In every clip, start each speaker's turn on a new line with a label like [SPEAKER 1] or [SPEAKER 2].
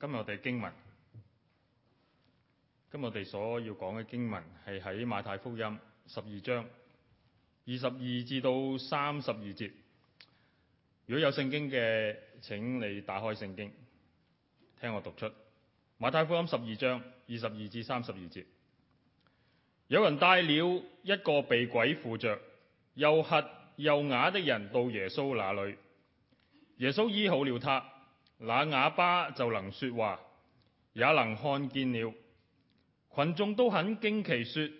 [SPEAKER 1] 今日我哋嘅經文，今日我哋所要講嘅經文係喺馬太福音十二章二十二至到三十二節。如果有聖經嘅，請你打開聖經，聽我讀出馬太福音十二章二十二至三十二節。有人帶了一個被鬼附着、又瞎又啞的人到耶穌那裏，耶穌醫好了他。那啞巴就能說話，也能看見了。群眾都很驚奇，說：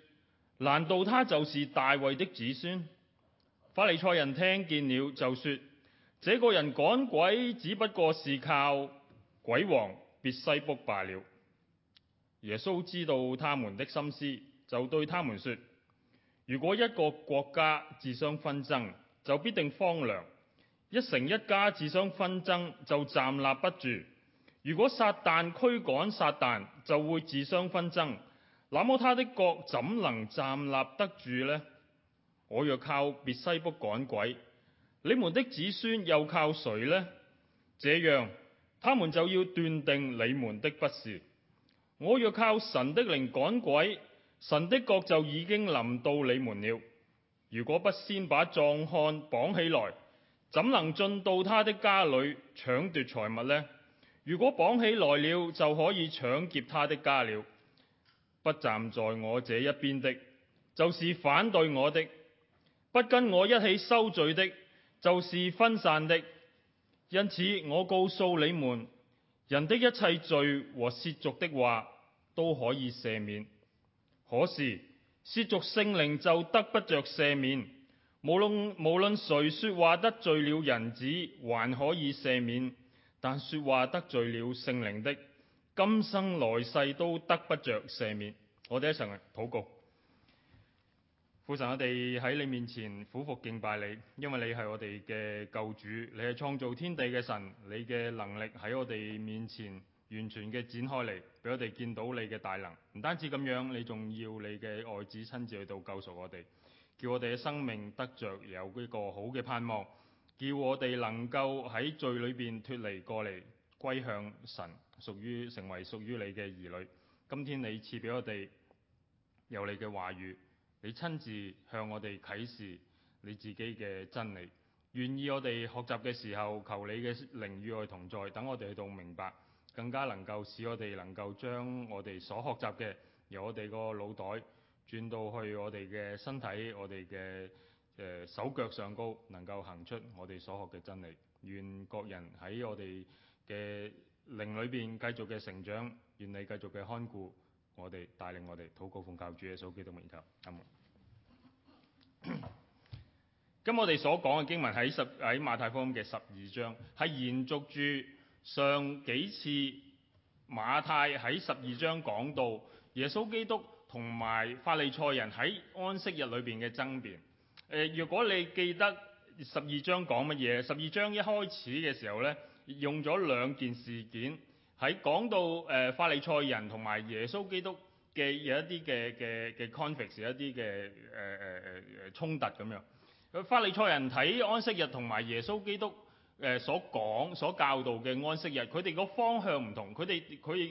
[SPEAKER 1] 難道他就是大衛的子孫？法利賽人聽見了，就說：這個人趕鬼，只不過是靠鬼王別西卜罷了。耶穌知道他們的心思，就對他們說：如果一個國家自相紛爭，就必定荒涼。一城一家自相紛爭，就站立不住。如果撒但驅趕撒但，就會自相紛爭，那麼他的國怎能站立得住呢？我若靠別西卜趕鬼，你們的子孫又靠誰呢？這樣，他們就要斷定你們的不是。我若靠神的靈趕鬼，神的國就已經臨到你們了。如果不先把壯漢綁起來，怎能進到他的家裏搶奪財物呢？如果綁起來了，就可以搶劫他的家了。不站在我這一邊的，就是反對我的；不跟我一起收聚的，就是分散的。因此，我告訴你們，人的一切罪和褻瀆的話都可以赦免，可是褻瀆聖靈就得不着赦免。無論無論誰說話得罪了人子，還可以赦免，但說話得罪了聖靈的，今生來世都得不着赦免。我哋一齊嚟禱告，父神，我哋喺你面前俯伏敬拜你，因為你係我哋嘅救主，你係創造天地嘅神，你嘅能力喺我哋面前完全嘅展開嚟，俾我哋見到你嘅大能。唔單止咁樣，你仲要你嘅愛子親自去到救贖我哋。叫我哋嘅生命得着有呢個好嘅盼望，叫我哋能夠喺罪裏邊脫離過嚟，歸向神，屬於成為屬於你嘅兒女。今天你賜俾我哋有你嘅話語，你親自向我哋啟示你自己嘅真理。願意我哋學習嘅時候，求你嘅靈與愛同在，等我哋去到明白，更加能夠使我哋能夠將我哋所學習嘅由我哋個腦袋。轉到去我哋嘅身體，我哋嘅誒手腳上高，能夠行出我哋所學嘅真理。願各人喺我哋嘅靈裏邊繼續嘅成長，願你繼續嘅看顧我哋，帶領我哋禱告，奉教主耶穌基督名求，咁我哋所講嘅經文喺十喺馬太福音嘅十二章，係延續住上幾次馬太喺十二章講到耶穌基督。同埋法利賽人喺安息日裏邊嘅爭辯。誒、呃，如果你記得十二章講乜嘢？十二章一開始嘅時候呢，用咗兩件事件喺講到誒、呃、法利賽人同埋耶穌基督嘅有一啲嘅嘅嘅 conflict，一啲嘅誒誒誒衝突咁樣。法利賽人睇安息日同埋耶穌基督誒所講所教導嘅安息日，佢哋個方向唔同，佢哋佢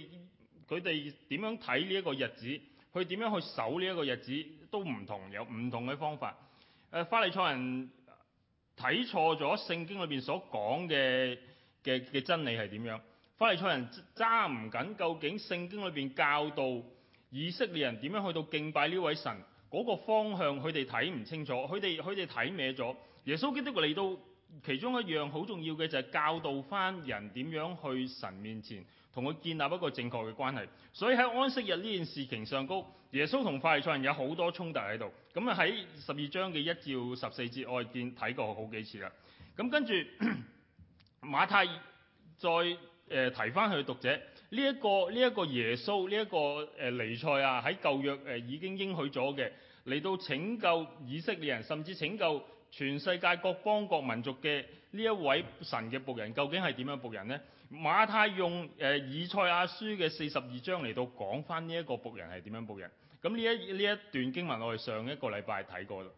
[SPEAKER 1] 佢哋點樣睇呢一個日子？佢點樣去守呢一個日子都唔同，有唔同嘅方法。誒，法利賽人睇錯咗聖經裏邊所講嘅嘅嘅真理係點樣？法利賽人揸唔緊，究竟聖經裏邊教導以色列人點樣去到敬拜呢位神嗰個方向，佢哋睇唔清楚，佢哋佢哋睇歪咗。耶穌基督嚟到，其中一樣好重要嘅就係教導翻人點樣去神面前。同佢建立一個正確嘅關係，所以喺安息日呢件事情上高，耶穌同法利賽人有好多衝突喺度。咁啊喺十二章嘅一至十四節，我係見睇過好幾次啦。咁跟住馬太再誒提翻佢嘅讀者呢一個呢一個耶穌呢一個誒彌賽亞喺舊約已經應許咗嘅，嚟到拯救以色列人，甚至拯救全世界各邦各民族嘅呢一位神嘅僕人，究竟係點樣僕人呢？馬太用誒以賽亞書嘅四十二章嚟到講返呢一個僕人係點樣僕人，咁呢一呢一段經文我哋上一個禮拜睇過啦。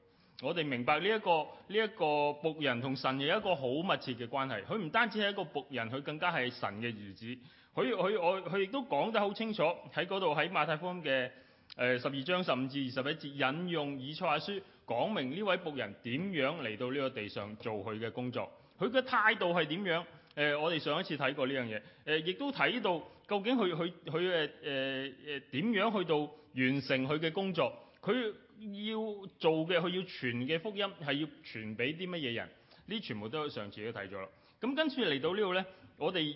[SPEAKER 1] 我哋明白呢一個呢一個僕人同神有一個好密切嘅關係，佢唔單止係一個僕人，佢更加係神嘅兒子。佢佢我佢亦都講得好清楚喺嗰度，喺馬太福音嘅誒十二章十五至二十一節引用以賽亞書，講明呢位僕人點樣嚟到呢個地上做佢嘅工作，佢嘅態度係點樣？誒、呃，我哋上一次睇過呢樣嘢，誒、呃，亦都睇到究竟佢佢佢誒誒誒點樣去到完成佢嘅工作，佢要做嘅，佢要傳嘅福音係要傳俾啲乜嘢人，呢全部都係上次都睇咗啦。咁、嗯、跟住嚟到呢度咧，我哋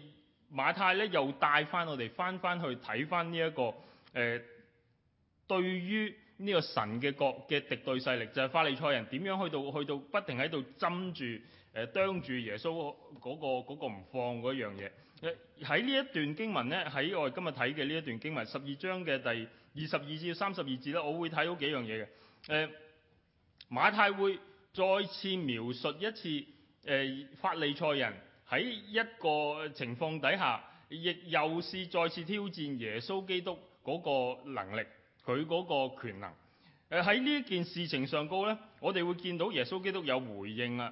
[SPEAKER 1] 馬太咧又帶翻我哋翻翻去睇翻呢一個誒、呃，對於呢個神嘅國嘅敵對勢力就係、是、法利賽人點樣去到去到不停喺度針住。誒，當住耶穌嗰個嗰個唔放嗰樣嘢。喺呢一段經文咧，喺我哋今日睇嘅呢一段經文，十二章嘅第二十二至三十二節咧，我會睇到幾樣嘢嘅。誒，馬太會再次描述一次、呃、法利賽人喺一個情況底下，亦又是再次挑戰耶穌基督嗰個能力，佢嗰個權能。誒，喺呢一件事情上高咧，我哋會見到耶穌基督有回應啊。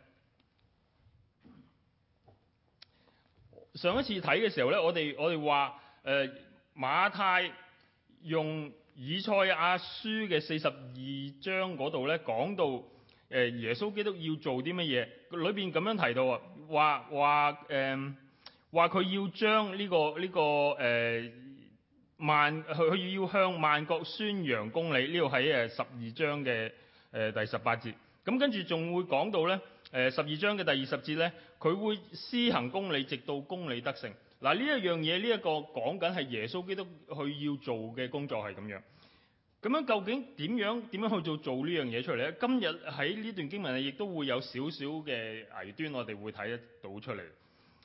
[SPEAKER 1] 上一次睇嘅時候咧，我哋我哋話誒馬太用以賽亞書嘅四十二章嗰度咧，講到誒耶穌基督要做啲乜嘢，裏邊咁樣提到啊，話話誒話佢要將呢、呢個呢、呢個誒、呃、萬佢要向萬國宣揚公理，這裏呢度喺誒十二章嘅誒第十八節，咁跟住仲會講到咧。誒十二章嘅第二十節咧，佢會施行公理，直到公理得勝。嗱呢一樣嘢，呢一個講緊係耶穌基督佢要做嘅工作係咁樣。咁樣究竟點樣點樣去做做呢樣嘢出嚟咧？今日喺呢段經文亦都會有少少嘅危端，我哋會睇得到出嚟。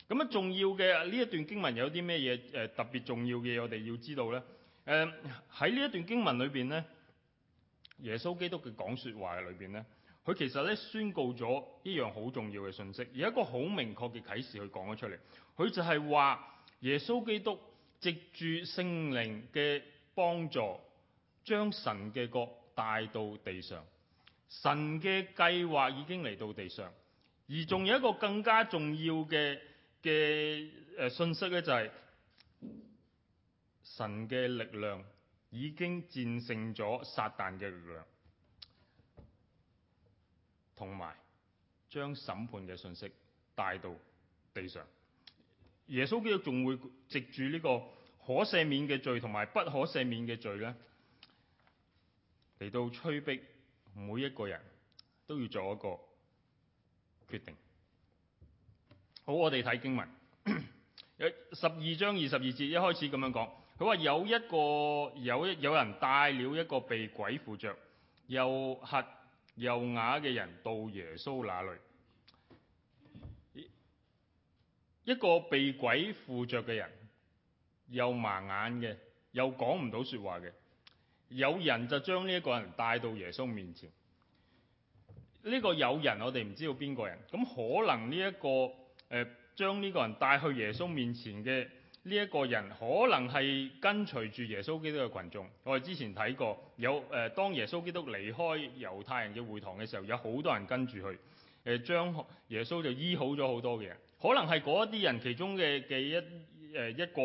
[SPEAKER 1] 咁啊，重要嘅呢一段經文有啲咩嘢誒特別重要嘅嘢我哋要知道咧？誒喺呢一段經文裏邊咧，耶穌基督嘅講説話嘅裏邊咧。佢其實咧宣告咗一樣好重要嘅信息，而一個好明確嘅啟示他說出來，佢講咗出嚟，佢就係話耶穌基督藉住聖靈嘅幫助，將神嘅國帶到地上，神嘅計劃已經嚟到地上，而仲有一個更加重要嘅嘅誒信息咧、就是，就係神嘅力量已經戰勝咗撒旦嘅力量。同埋將審判嘅信息帶到地上，耶穌基督仲會藉住呢個可赦免嘅罪同埋不可赦免嘅罪咧，嚟到催逼每一個人都要做一個決定。好，我哋睇經文，有十二章二十二節一開始咁樣講，佢話有一個有一有人帶了一個被鬼附着又瞎。又啞嘅人到耶穌那裏，一個被鬼附着嘅人，又盲眼嘅，又講唔到說不話嘅，有人就將呢一個人帶到耶穌面前。呢、這個有人我哋唔知道邊、這個呃、個人，咁可能呢一個誒，將呢個人帶去耶穌面前嘅。呢一個人可能係跟隨住耶穌基督嘅群眾，我哋之前睇過有誒、呃，當耶穌基督離開猶太人嘅會堂嘅時候，有好多人跟住佢，誒、呃、將耶穌就醫好咗好多嘅人。可能係嗰一啲人其中嘅嘅一誒、呃、一個，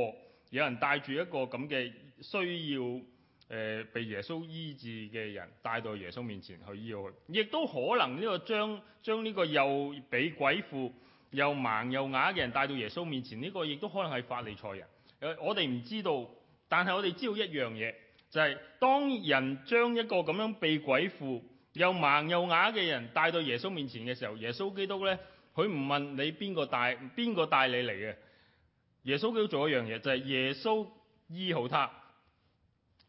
[SPEAKER 1] 有人帶住一個咁嘅需要誒、呃、被耶穌醫治嘅人帶到耶穌面前去醫好佢，亦都可能呢個將將呢個又俾鬼附，又盲又啞嘅人帶到耶穌面前，呢個亦都可能係法利賽人。誒，我哋唔知道，但係我哋知道一樣嘢，就係當人將一個咁樣被鬼附、又盲又啞嘅人帶到耶穌面前嘅時候，耶穌基督咧，佢唔問你邊個帶邊個帶你嚟嘅。耶穌基督做一樣嘢，就係耶穌醫好他。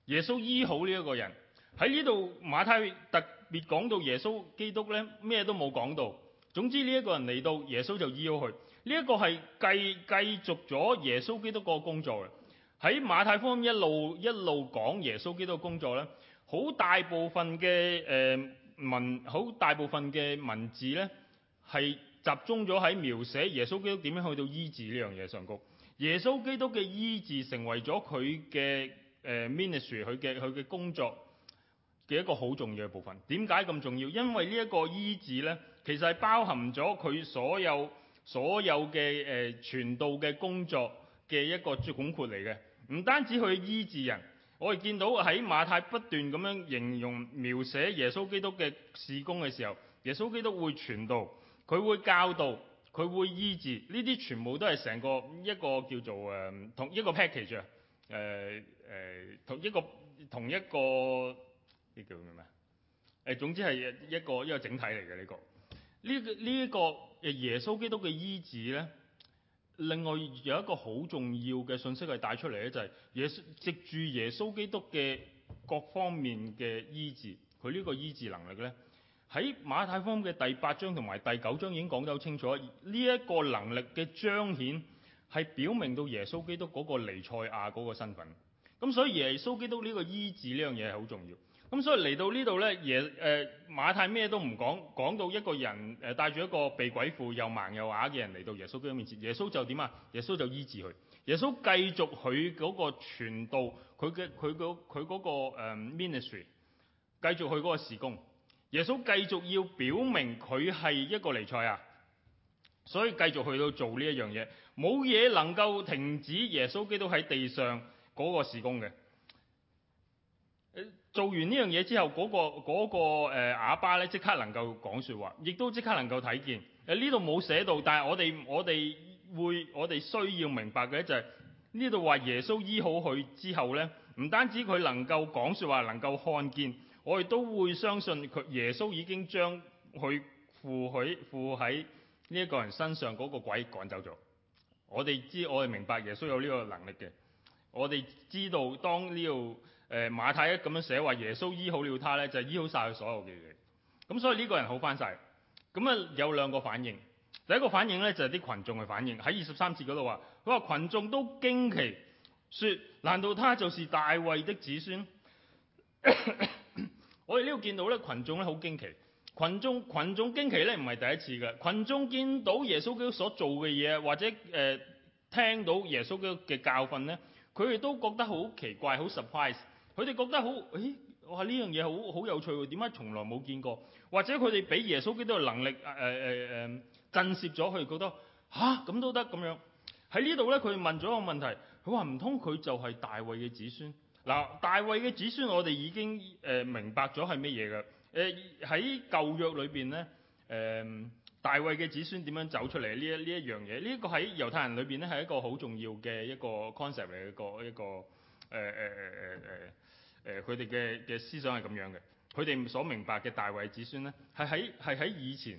[SPEAKER 1] 耶穌醫好呢一個人，喺呢度馬太特別講到耶穌基督咧，咩都冇講到。總之，呢一個人嚟到耶穌就醫咗佢。呢、這、一個係繼繼續咗耶穌基督個工作嘅。喺馬太福音一路一路講耶穌基督嘅工作咧，好大部分嘅誒文，好、呃、大部分嘅文字咧係集中咗喺描寫耶穌基督點樣去到醫治呢樣嘢上高。耶穌基督嘅醫治成為咗佢嘅誒 ministry，佢嘅佢嘅工作嘅一個好重要嘅部分。點解咁重要？因為呢一個醫治咧。其實係包含咗佢所有所有嘅誒傳道嘅工作嘅一個總括嚟嘅，唔單止去醫治人，我哋見到喺馬太不斷咁樣形容描寫耶穌基督嘅事工嘅時候，耶穌基督會傳道，佢會教導，佢會醫治，呢啲全部都係成個一個叫做誒、呃、同一個 package 啊、呃，誒誒同一個同一個啲叫咩啊？誒、呃、總之係一個一個整體嚟嘅呢個。呢個呢一個誒耶穌基督嘅醫治咧，另外有一個好重要嘅信息係帶出嚟咧，就係、是、耶穌藉住耶穌基督嘅各方面嘅醫治，佢呢個醫治能力咧，喺馬太方嘅第八章同埋第九章已經講得好清楚。呢、這、一個能力嘅彰顯係表明到耶穌基督嗰個彌賽亞嗰個身份。咁所以耶穌基督呢個醫治呢樣嘢係好重要的。咁所以嚟到呢度咧，耶誒、呃，馬太咩都唔講，講到一個人誒帶住一個被鬼附又盲又啞嘅人嚟到耶穌基督面前，耶穌就點啊？耶穌就醫治佢。耶穌繼續佢嗰個傳道，佢嘅佢佢嗰個 ministry 繼續去嗰個事工。耶穌繼續要表明佢係一個彌賽亞，所以繼續去到做呢一樣嘢，冇嘢能夠停止耶穌基督喺地上嗰個事工嘅。做完呢樣嘢之後，嗰個嗰個誒啞巴咧，即刻能夠講説話，亦都即刻能夠睇見。誒呢度冇寫到，但係我哋我哋會我哋需要明白嘅就係呢度話耶穌醫好佢之後咧，唔單止佢能夠講説話，能夠看見，我哋都會相信佢耶穌已經將佢附喺附喺呢一個人身上嗰個鬼趕走咗。我哋知我哋明白耶穌有呢個能力嘅，我哋知道當呢度。誒馬太一咁樣寫話，說耶穌醫好了他咧，就係、是、醫好晒佢所有嘅嘢。咁所以呢個人好翻晒。咁啊有兩個反應。第一個反應咧就係啲群眾嘅反應。喺二十三節嗰度話，佢話群眾都驚奇，說難道他就是大衞的子孫？ 我哋呢度見到咧群眾咧好驚奇。群眾羣眾驚奇咧唔係第一次嘅。群眾見到耶穌佢所做嘅嘢，或者誒、呃、聽到耶穌佢嘅教訓咧，佢哋都覺得好奇怪，好 surprise。佢哋覺得好，咦、哎？我話呢樣嘢好好有趣喎，點解從來冇見過？或者佢哋俾耶穌基督嘅能力誒誒誒誒，震懾咗佢，覺得吓，咁都得咁樣。喺呢度咧，佢問咗一個問題，佢話唔通佢就係大衛嘅子孫嗱、嗯？大衛嘅子孫我哋已經誒、呃、明白咗係乜嘢㗎？誒喺舊約裏邊咧，誒、呃、大衛嘅子孫點樣走出嚟？呢一呢一樣嘢，呢、這個喺猶太人裏邊咧係一個好重要嘅一個 concept 嚟嘅一個一個誒誒誒誒誒。呃呃呃呃誒佢哋嘅嘅思想係咁樣嘅，佢哋所明白嘅大衛子孫咧，係喺係喺以前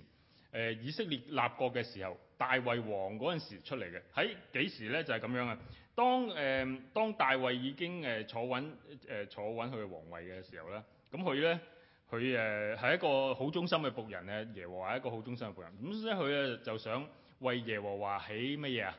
[SPEAKER 1] 誒以色列立國嘅時候，大衛王嗰陣時出嚟嘅。喺幾時咧就係咁樣嘅。當誒當大衛已經誒坐穩誒坐穩佢嘅皇位嘅時候咧，咁佢咧佢誒係一個好忠心嘅僕人咧，耶和華係一個好忠心嘅僕人。咁咧佢咧就想為耶和華起乜嘢啊？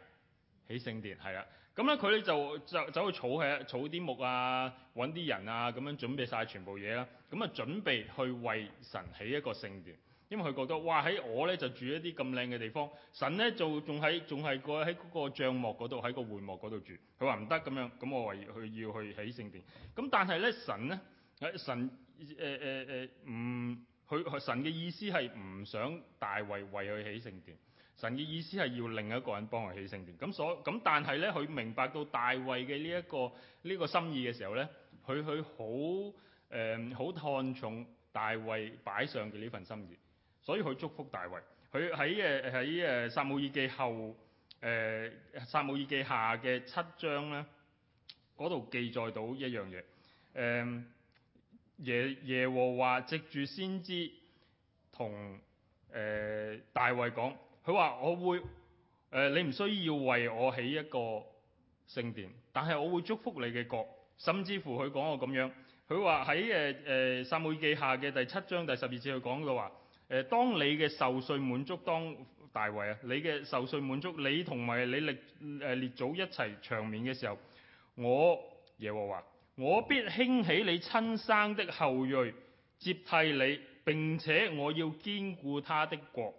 [SPEAKER 1] 起聖殿係啦。咁咧佢咧就就走去草起，草啲木啊，揾啲人啊，咁樣準備晒全部嘢啦。咁啊準備去為神起一個聖殿，因為佢覺得哇，喺我咧就住一啲咁靚嘅地方，神咧就仲喺仲係過喺嗰個帳幕嗰度喺個會幕嗰度住。佢話唔得咁樣，咁我話去要，要去，要去，去，去，去，去，去起聖殿。咁但係咧神咧，神誒誒誒唔，佢神嘅意思係唔想大衛為佢起聖殿。神嘅意思係要另一個人幫佢起聖殿。咁所咁，但係咧，佢明白到大衛嘅呢一個呢、呢個心意嘅時候咧，佢佢好誒好看重大衛擺上嘅呢份心意，所以佢祝福大衛。佢喺誒喺誒撒母耳記後誒撒母耳記下嘅七章咧，嗰度記載到一樣嘢。誒、嗯、耶耶和華藉住先知同誒、嗯、大衛講。佢話我會誒、呃，你唔需要為我起一個聖殿，但係我會祝福你嘅國，甚至乎佢講我咁樣。佢話喺誒誒撒母耳記下嘅第七章第十二節佢講到話，誒、呃、當你嘅壽數滿足，當大衛啊，你嘅壽數滿足，你同埋你列誒列祖一齊長眠嘅時候，我耶和華，我必興起你親生的後裔接替你，並且我要堅固他的國。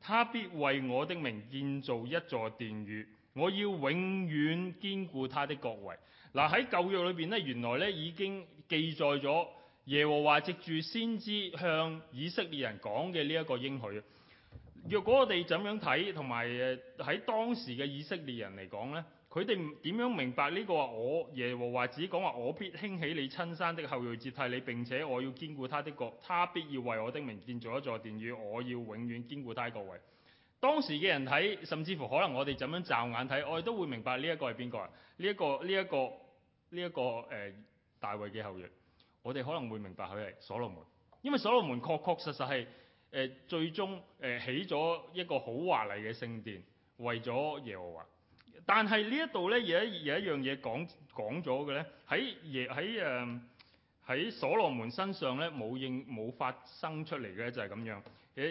[SPEAKER 1] 他必為我的名建造一座殿宇，我要永遠堅固他的國位。嗱、啊、喺舊約裏邊咧，原來咧已經記載咗耶和華藉住先知向以色列人講嘅呢一個應許。若果我哋怎樣睇，同埋誒喺當時嘅以色列人嚟講咧。佢哋點樣明白呢、這個啊？我耶和華只講話，我必興起你親生的後裔接替你，並且我要堅固他的國，他必要為我的名建造一座殿宇。我要永遠堅固他的國位。當時嘅人睇，甚至乎可能我哋咁樣驟眼睇，我哋都會明白呢一個係邊個啊？呢、這、一個呢一、這個呢一、這個誒、呃、大衛嘅後裔，我哋可能會明白佢係所羅門，因為所羅門確確實實係誒最終誒、呃、起咗一個好華麗嘅聖殿，為咗耶和華。但係呢一度咧，有有一樣嘢，講講咗嘅咧，喺耶喺誒喺所羅門身上咧，冇應冇發生出嚟嘅就係咁樣。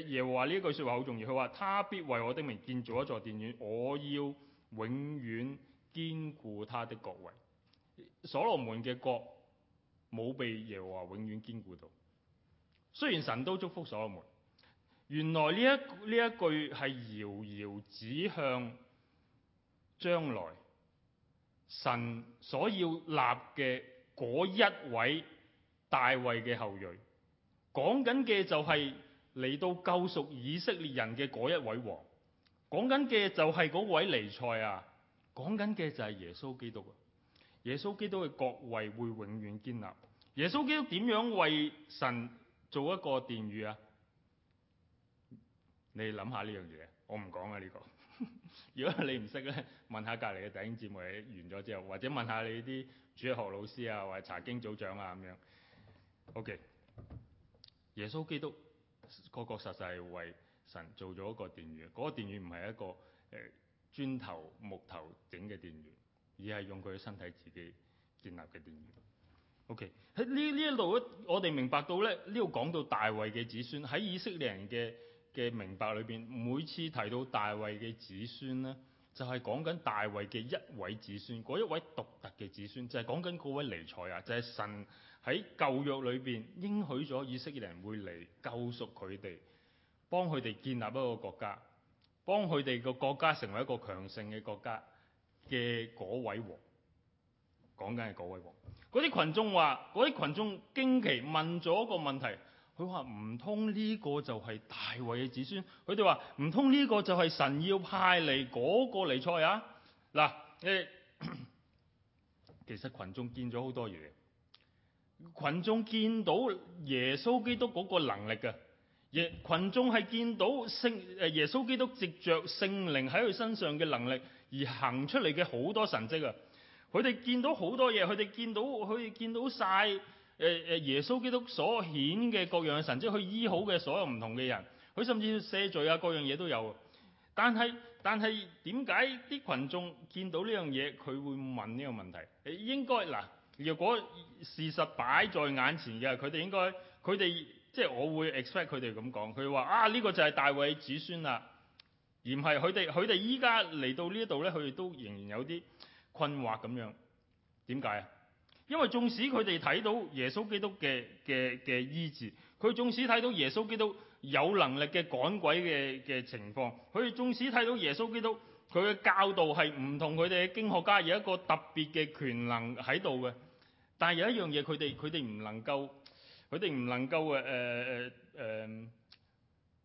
[SPEAKER 1] 耶和華呢一句說話好重要，佢話：他必為我的名建造一座殿宇，我要永遠堅固他的國位。所羅門嘅國冇被耶和華永遠堅固到。雖然神都祝福所羅門，原來呢一呢一句係遙遙指向，將來神所要立嘅嗰一位大衛嘅後裔，講緊嘅就係嚟到救贖以色列人嘅嗰一位王，講緊嘅就係嗰位彌賽亞，講緊嘅就係耶穌基督啊，耶穌基督嘅國位會永遠建立。耶穌基督點樣為神做一個殿宇啊？你諗下呢樣嘢，我唔講啊呢個。 如果你唔識咧，問下隔離嘅弟兄姊妹，完咗之後，或者問下你啲主日學老師啊，或者查經組長啊咁樣。O.K.，耶穌基督確確實實係為神做咗一個殿宇。嗰、那個殿宇唔係一個誒磚頭木頭整嘅殿宇，而係用佢嘅身體自己建立嘅殿宇。O.K. 喺呢呢一度咧，我哋明白到咧，呢度講到大衛嘅子孫喺以色列人嘅。嘅明白裏邊，每次提到大衛嘅子孫咧，就係講緊大衛嘅一位子孫，嗰一位獨特嘅子孫，就係講緊嗰位彌賽亞啊！就係、是、神喺舊約裏邊應許咗以色列人會嚟救贖佢哋，幫佢哋建立一個國家，幫佢哋個國家成為一個強盛嘅國家嘅嗰位王，講緊係嗰位王。嗰啲群眾話，嗰啲群眾驚奇，問咗個問題。佢話唔通呢個就係大衛嘅子孫？佢哋話唔通呢個就係神要派嚟嗰個彌賽亞！嗱，誒，其實群眾見咗好多嘢，群眾見到耶穌基督嗰個能力嘅，耶群眾係見到聖誒耶穌基督藉着聖靈喺佢身上嘅能力而行出嚟嘅好多神蹟啊！佢哋見到好多嘢，佢哋見到，佢哋見到晒。誒誒，耶穌基督所顯嘅各樣神跡，即係佢醫好嘅所有唔同嘅人，佢甚至赦罪啊，各樣嘢都有。但係但係點解啲群眾見到呢樣嘢，佢會問呢個問題？應該嗱，若果事實擺在眼前嘅，佢哋應該，佢哋即係我會 expect 佢哋咁講，佢話啊呢、呢個就係大衞子孫啦，而唔係佢哋佢哋依家嚟到呢一度咧，佢哋都仍然有啲困惑咁樣，點解啊？因為縱使佢哋睇到耶穌基督嘅嘅嘅醫治，佢縱使睇到耶穌基督有能力嘅趕鬼嘅嘅情況，佢哋縱使睇到耶穌基督佢嘅教導係唔同佢哋嘅經學家有一個特別嘅權能喺度嘅，但係有一樣嘢佢哋佢哋唔能夠佢哋唔能夠誒誒誒，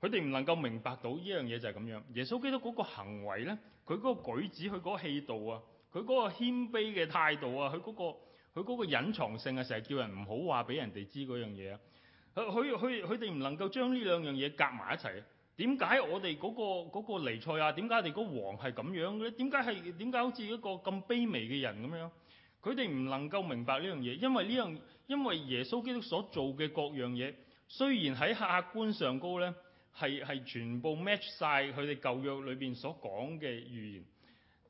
[SPEAKER 1] 佢哋唔能夠明白到呢樣嘢就係咁樣。耶穌基督嗰個行為咧，佢嗰個舉止，佢嗰個氣度啊，佢嗰個謙卑嘅態度啊，佢嗰個。佢嗰個隱藏性、那個那個、啊，成日叫人唔好話俾人哋知嗰樣嘢。佢佢佢佢哋唔能夠將呢兩樣嘢夾埋一齊。點解我哋嗰個嗰個彌賽亞？點解我哋個王係咁樣嘅咧？點解係點解好似一個咁卑微嘅人咁樣？佢哋唔能夠明白呢樣嘢，因為呢樣因為耶穌基督所做嘅各樣嘢，雖然喺客觀上高咧，係係全部 match 晒佢哋舊約裏面所講嘅預言。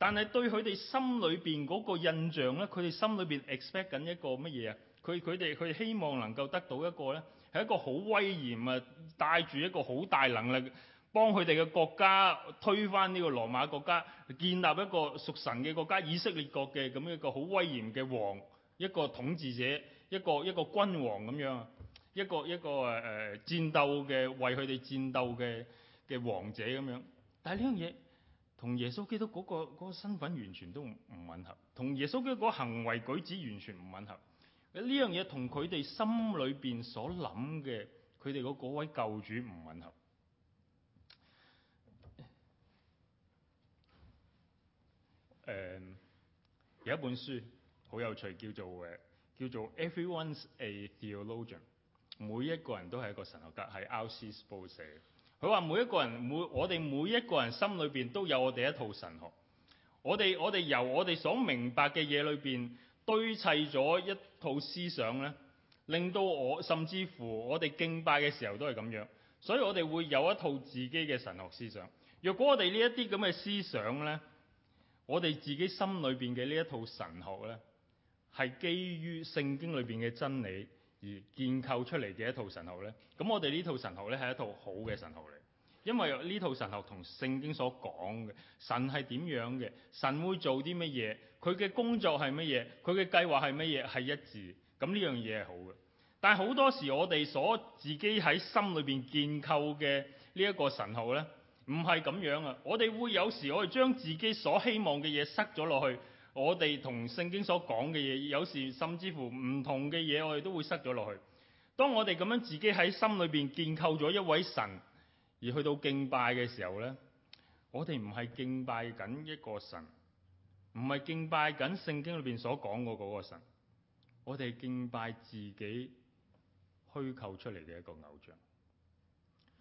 [SPEAKER 1] 但係對佢哋心裏邊嗰個印象呢，佢哋心裏邊 expect 緊一個乜嘢啊？佢佢哋佢希望能夠得到一個呢，係一個好威嚴啊，帶住一個好大能力，幫佢哋嘅國家推翻呢個羅馬國家，建立一個屬神嘅國家以色列國嘅咁一個好威嚴嘅王，一個統治者，一個一個君王咁樣，一個一個誒誒、呃、戰鬥嘅為佢哋戰鬥嘅嘅王者咁樣。但係呢樣嘢。同耶穌基督嗰、嗰個嗰個身份完全都唔唔吻合，同耶穌基督嘅個行為舉止完全唔吻合。呢樣嘢同佢哋心裏邊所諗嘅，佢哋嗰位救主唔吻合。誒、嗯、有一本書好有趣，叫做誒叫做 Everyone's a Theologian，每一個人都係一個神學家，係 R.C. Sproul 寫嘅。佢話：他說每一個人，每我哋每一個人心裏面都有我哋一套神學。我哋我哋由我哋所明白嘅嘢裏面堆砌咗一套思想呢，令到我甚至乎我哋敬拜嘅時候都係咁樣。所以我哋會有一套自己嘅神學思想。若果我哋呢一啲咁嘅思想呢，我哋自己心裏面嘅呢一套神學呢，係基於聖經裏面嘅真理。而建構出嚟嘅一套神學呢，咁我哋呢套神學呢係一套好嘅神學嚟，因為呢套神學同聖經所講嘅神係點樣嘅，神會做啲乜嘢，佢嘅工作係乜嘢，佢嘅計劃係乜嘢，係一致，咁呢樣嘢係好嘅。但係好多時我哋所自己喺心裏邊建構嘅呢一個神學呢，唔係咁樣啊，我哋會有時我哋將自己所希望嘅嘢塞咗落去。我哋同聖經所講嘅嘢，有時甚至乎唔同嘅嘢，我哋都會塞咗落去。當我哋咁樣自己喺心裏邊建構咗一位神，而去到敬拜嘅時候呢，我哋唔係敬拜緊一個神，唔係敬拜緊聖經裏邊所講嘅嗰個神，我哋敬拜自己虛構出嚟嘅一個偶像。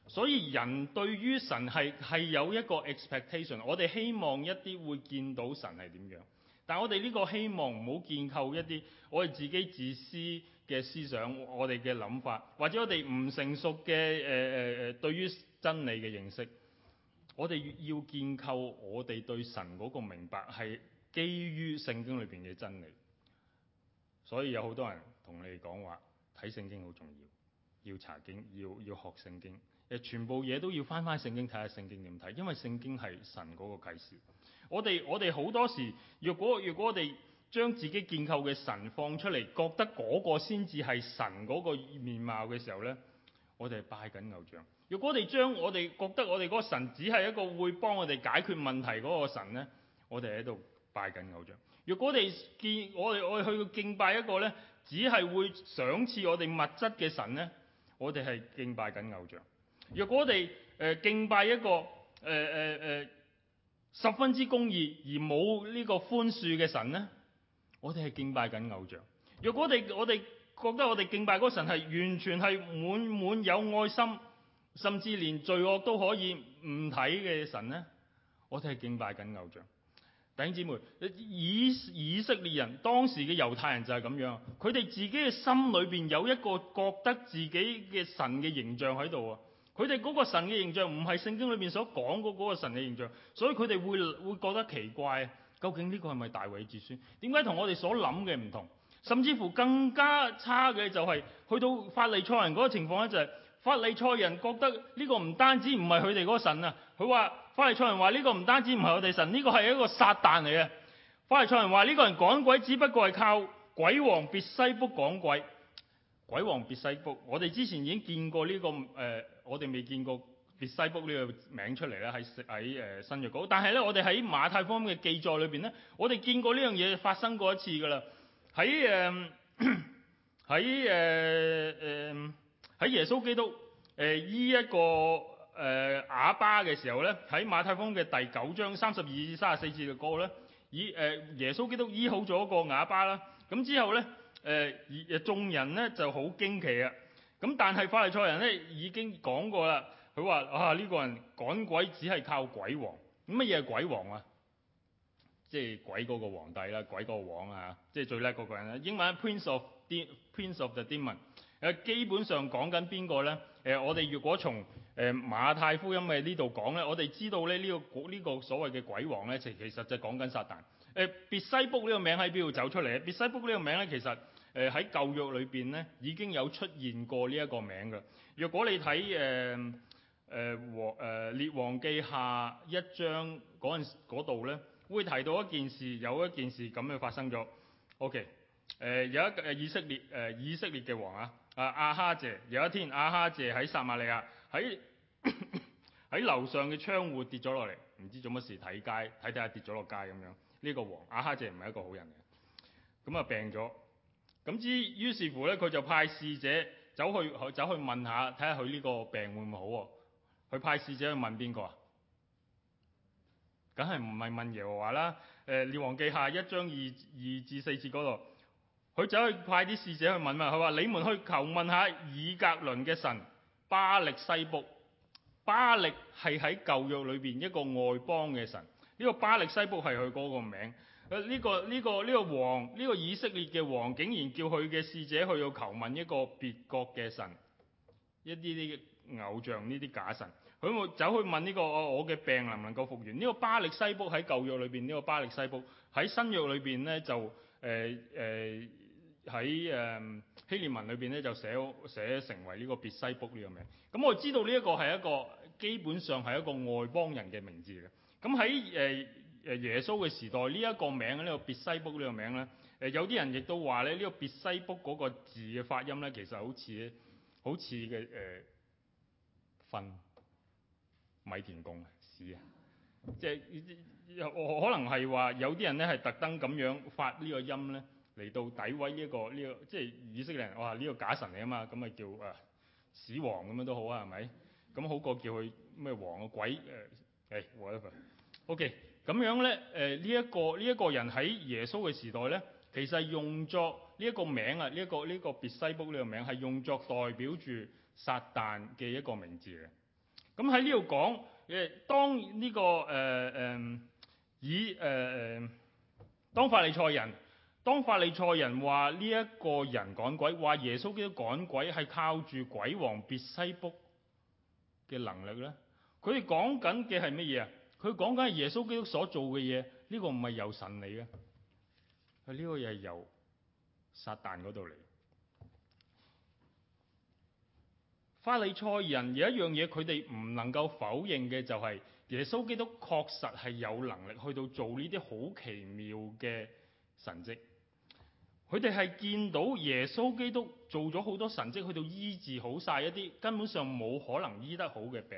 [SPEAKER 1] 所以人對於神係係有一個 expectation，我哋希望一啲會見到神係點樣。但我哋呢個希望唔好建構一啲我哋自己自私嘅思想，我哋嘅諗法，或者我哋唔成熟嘅，誒誒誒，對於真理嘅認識，我哋要建構我哋對神嗰個明白係基於聖經裏邊嘅真理。所以有好多人同你哋講話，睇聖經好重要，要查經，要要學聖經，誒，全部嘢都要翻翻聖經，睇下聖經點睇，因為聖經係神嗰個啟示。我哋我哋好多時，如果如果我哋將自己建構嘅神放出嚟，覺得嗰個先至係神嗰個面貌嘅時候咧，我哋係拜緊偶像。如果我哋將我哋覺得我哋嗰個神只係一個會幫我哋解決問題嗰個神咧，我哋喺度拜緊偶像。如果我哋見我哋我哋去敬拜一個咧，只係會賞賜我哋物質嘅神咧，我哋係敬拜緊偶像。如果我哋誒、呃、敬拜一個誒誒誒，呃呃呃十分之公義而冇呢個寬恕嘅神呢？我哋係敬拜緊偶像。若果我哋我哋覺得我哋敬拜嗰個神係完全係滿滿有愛心，甚至連罪惡都可以唔睇嘅神呢？我哋係敬拜緊偶像。弟兄姊妹，以以色列人當時嘅猶太人就係咁樣，佢哋自己嘅心裏邊有一個覺得自己嘅神嘅形象喺度啊。佢哋嗰個神嘅形象唔係聖經裏面所講嗰個神嘅形象，所以佢哋會會覺得奇怪。究竟呢個係咪大衞之孫？點解同我哋所諗嘅唔同？甚至乎更加差嘅就係、是、去到法利賽人嗰個情況咧、就是，就係法利賽人覺得呢個唔單止唔係佢哋嗰神啊，佢話法利賽人話呢個唔單止唔係我哋神，呢、這個係一個撒旦嚟嘅。法利賽人話呢個人趕鬼，只不過係靠鬼王別西卜趕鬼。鬼王別西卜，我哋之前已經見過呢、這個誒。呃我哋未見過別西卜呢個名出嚟咧，喺喺誒新約嗰度。但係咧，我哋喺馬太福音嘅記載裏邊咧，我哋見過呢樣嘢發生過一次㗎啦。喺誒喺誒誒喺耶穌基督誒醫、呃、一個誒啞巴嘅時候咧，喺馬太福音嘅第九章三十二至三十四節嘅歌，咧，以誒、呃、耶穌基督醫好咗一個啞巴啦。咁之後咧，誒、呃、眾人咧就好驚奇啊！咁但係法利賽人咧已經講過啦，佢話啊呢、這個人趕鬼只係靠鬼王，乜嘢係鬼王啊？即係鬼嗰個皇帝啦，鬼個王啊，即係最叻嗰個人啦、啊。英文 Prince of the, Prince of the Demon，誒基本上講緊邊個咧？我哋如果從誒馬太福音嘅呢度講咧，我哋知道咧、這、呢個呢、這個所謂嘅鬼王咧，其其實就講緊撒旦。誒別西卜呢個名喺邊度走出嚟？別西卜呢個名咧其實。誒喺舊約裏邊咧已經有出現過呢一個名㗎。若果你睇誒誒王誒、呃、列王記下一章嗰陣嗰度咧，會提到一件事，有一件事咁樣發生咗。OK，誒、呃、有一個以色列誒、呃、以色列嘅王啊，阿、啊、阿哈謝，有一天阿、啊、哈謝喺撒瑪利亞喺喺 樓上嘅窗戶跌咗落嚟，唔知做乜事睇街睇睇下跌咗落街咁樣。呢、這個王阿、啊、哈謝唔係一個好人嘅，咁啊病咗。咁之於是乎咧，佢就派使者走去走去問下，睇下佢呢個病會唔會好喎？佢派使者去問邊個啊？梗係唔係問耶和華啦？誒，列王紀下一章二二至四節嗰度，佢走去派啲使者去問啊，佢話你們去求問一下以革倫嘅神巴力西卜。巴力係喺舊約裏邊一個外邦嘅神，呢個巴力西卜係佢嗰個名。呢個呢個呢個王，呢個以色列嘅王，竟然叫佢嘅使者去去求問一個別國嘅神，一啲啲偶像，呢啲假神。佢冇走去問呢個我嘅病能唔能夠復原？呢個巴力西卜喺舊約裏邊，呢個巴力西卜喺新約裏邊咧就誒誒喺誒希臘文裏邊咧就寫寫成為呢個別西卜呢個名。咁我知道呢一個係一個基本上係一個外邦人嘅名字嘅。咁喺誒。誒耶穌嘅時代呢一、呢個名呢、呢個別西卜呢個名咧，誒有啲人亦都話咧呢個別西卜嗰個字嘅發音咧，其實好似好似嘅誒糞米田共屎啊！即係、呃、可能係話有啲人咧係特登咁樣發呢個音咧嚟到詆毀呢一個呢、呢個即係以色列人哇！呢、呢個假神嚟啊嘛，咁咪叫誒、呃、屎王咁樣都好啊，係咪咁好過叫佢咩王個鬼誒？誒、呃，whatever OK 咁樣咧，誒呢一個呢一、這個人喺耶穌嘅時代咧，其實係用作呢一個名啊，呢、這、一個呢、這個別西卜呢個名係用作代表住撒旦嘅一個名字嘅。咁喺呢度講，誒當呢、這個誒誒、呃、以誒誒、呃，當法利賽人，當法利賽人話呢一個人趕鬼，話耶穌嘅趕鬼係靠住鬼王別西卜嘅能力咧，佢哋講緊嘅係乜嘢啊？佢講緊係耶穌基督所做嘅嘢，呢個唔係由神嚟嘅，佢呢個又係由撒旦嗰度嚟。法利賽人有一樣嘢，佢哋唔能夠否認嘅就係耶穌基督確實係有能力去到做呢啲好奇妙嘅神跡。佢哋係見到耶穌基督做咗好多神跡，去到醫治好晒一啲根本上冇可能醫得好嘅病，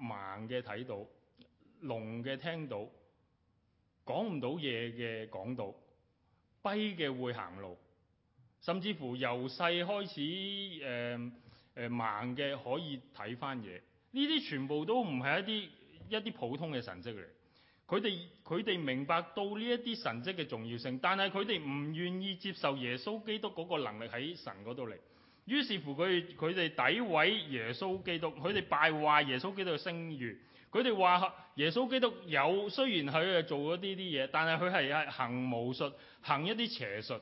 [SPEAKER 1] 盲嘅睇到。聾嘅聽到，講唔到嘢嘅講到，跛嘅會行路，甚至乎由細開始誒誒、呃呃、盲嘅可以睇翻嘢，呢啲全部都唔係一啲一啲普通嘅神跡嚟，佢哋佢哋明白到呢一啲神跡嘅重要性，但係佢哋唔願意接受耶穌基督嗰個能力喺神嗰度嚟，於是乎佢佢哋詆毀耶穌基督，佢哋敗壞耶穌基督嘅聲譽。佢哋話：耶穌基督有，雖然佢誒做咗呢啲嘢，但係佢係係行巫術，行一啲邪術，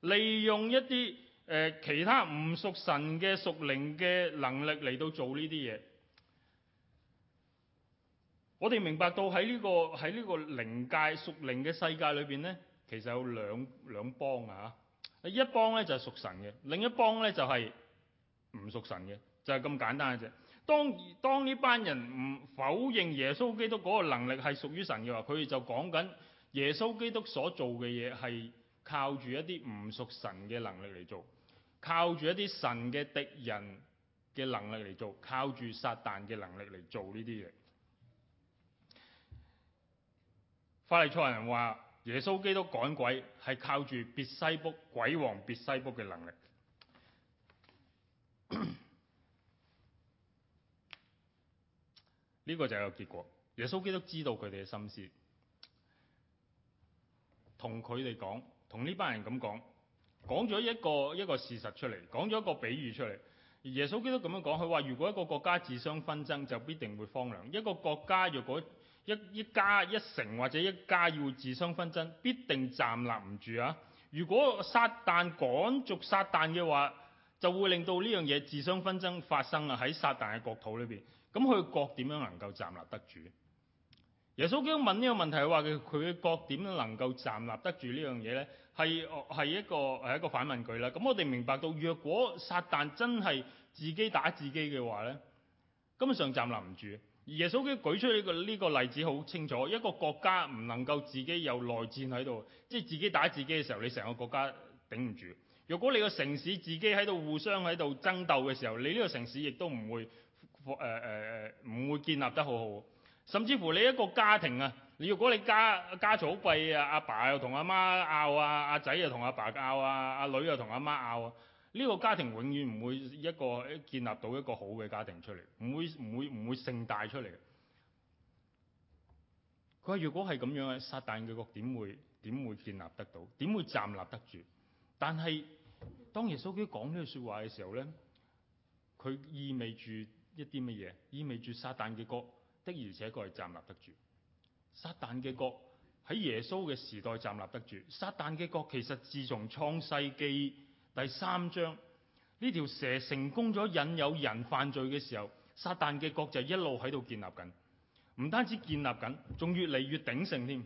[SPEAKER 1] 利用一啲誒、呃、其他唔屬神嘅屬靈嘅能力嚟到做呢啲嘢。我哋明白到喺呢、這個喺呢個靈界、屬靈嘅世界裏邊咧，其實有兩兩幫啊嚇。一幫咧就係屬神嘅，另一幫咧就係唔屬神嘅，就係、是、咁簡單嘅啫。當當呢班人唔否認耶穌基督嗰個能力係屬於神嘅話，佢哋就講緊耶穌基督所做嘅嘢係靠住一啲唔屬神嘅能力嚟做，靠住一啲神嘅敵人嘅能力嚟做，靠住撒旦嘅能力嚟做呢啲嘢。法利賽人話耶穌基督趕鬼係靠住別西卜鬼王別西卜嘅能力。呢個就有個結果。耶穌基督知道佢哋嘅心思，同佢哋講，同呢班人咁講，講咗一個一個事實出嚟，講咗一個比喻出嚟。而耶穌基督咁樣講，佢話如果一個國家自相紛爭，就必定會荒涼；一個國家若果一一家一城或者一家要自相紛爭，必定站立唔住啊！如果撒旦趕逐撒旦嘅話，就會令到呢樣嘢自相紛爭發生啊！喺撒旦嘅國土裏邊。咁佢國點樣能夠站立得住？耶穌基督問呢個問題，話佢，佢嘅國點樣能夠站立得住呢樣嘢呢？係一個係一個反問句啦。咁我哋明白到，若果撒旦真係自己打自己嘅話呢，根本上站立唔住。而耶穌基督舉出呢個呢個例子好清楚，一個國家唔能夠自己有內戰喺度，即係自己打自己嘅時候，你成個國家頂唔住。若果你個城市自己喺度互相喺度爭鬥嘅時候，你呢個城市亦都唔會。誒誒誒，唔、呃呃、會建立得好好，甚至乎你一個家庭啊，你如果你家家財好啊，阿爸，爸又同阿媽拗啊，阿仔又同阿爸拗啊，阿女又同阿媽拗啊，呢個家庭永遠唔會一個建立到一個好嘅家庭出嚟，唔會唔會唔會盛大出嚟。佢話如果係咁樣嘅，撒旦嘅國點會點會建立得到，點會站立得住？但係當耶穌基督講呢句說話嘅時候咧，佢意味住。一啲乜嘢意味住撒旦嘅國的而且確係站立得住。撒旦嘅國喺耶穌嘅時代站立得住。撒旦嘅國其實自從創世紀第三章呢條蛇成功咗引誘人犯罪嘅時候，撒旦嘅國就一路喺度建立緊。唔單止建立緊，仲越嚟越鼎盛添。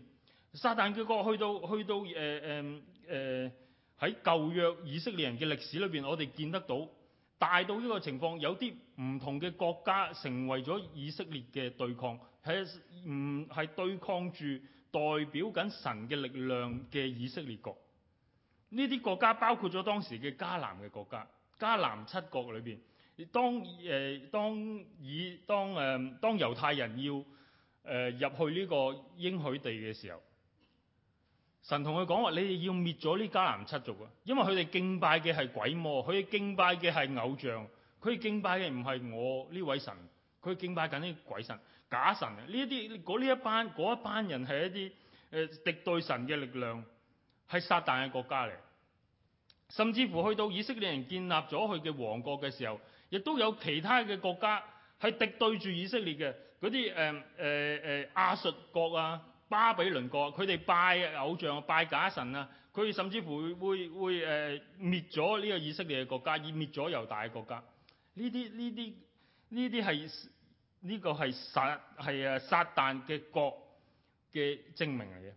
[SPEAKER 1] 撒旦嘅國去到去到誒誒誒喺舊約以色列人嘅歷史裏邊，我哋見得到。大到呢個情況，有啲唔同嘅國家成為咗以色列嘅對抗，係唔係對抗住代表緊神嘅力量嘅以色列國？呢啲國家包括咗當時嘅迦南嘅國家，迦南七國裏邊，當誒、呃、當以當誒、呃、當猶太人要誒、呃、入去呢個應許地嘅時候。神同佢講話，你哋要滅咗呢迦南七族啊！因為佢哋敬拜嘅係鬼魔，佢哋敬拜嘅係偶像，佢哋敬拜嘅唔係我呢位神，佢敬拜緊啲鬼神、假神。呢一啲嗰呢一班一班人係一啲誒、呃、敵對神嘅力量，係撒旦嘅國家嚟。甚至乎去到以色列人建立咗佢嘅王國嘅時候，亦都有其他嘅國家係敵對住以色列嘅嗰啲誒誒誒亞述國啊。巴比倫國，佢哋拜偶像、拜假神啊！佢哋甚至乎會會誒滅咗呢個以色列嘅國家，而滅咗猶大嘅國家。呢啲呢啲呢啲係呢個係撒係啊撒旦嘅國嘅證明嚟嘅。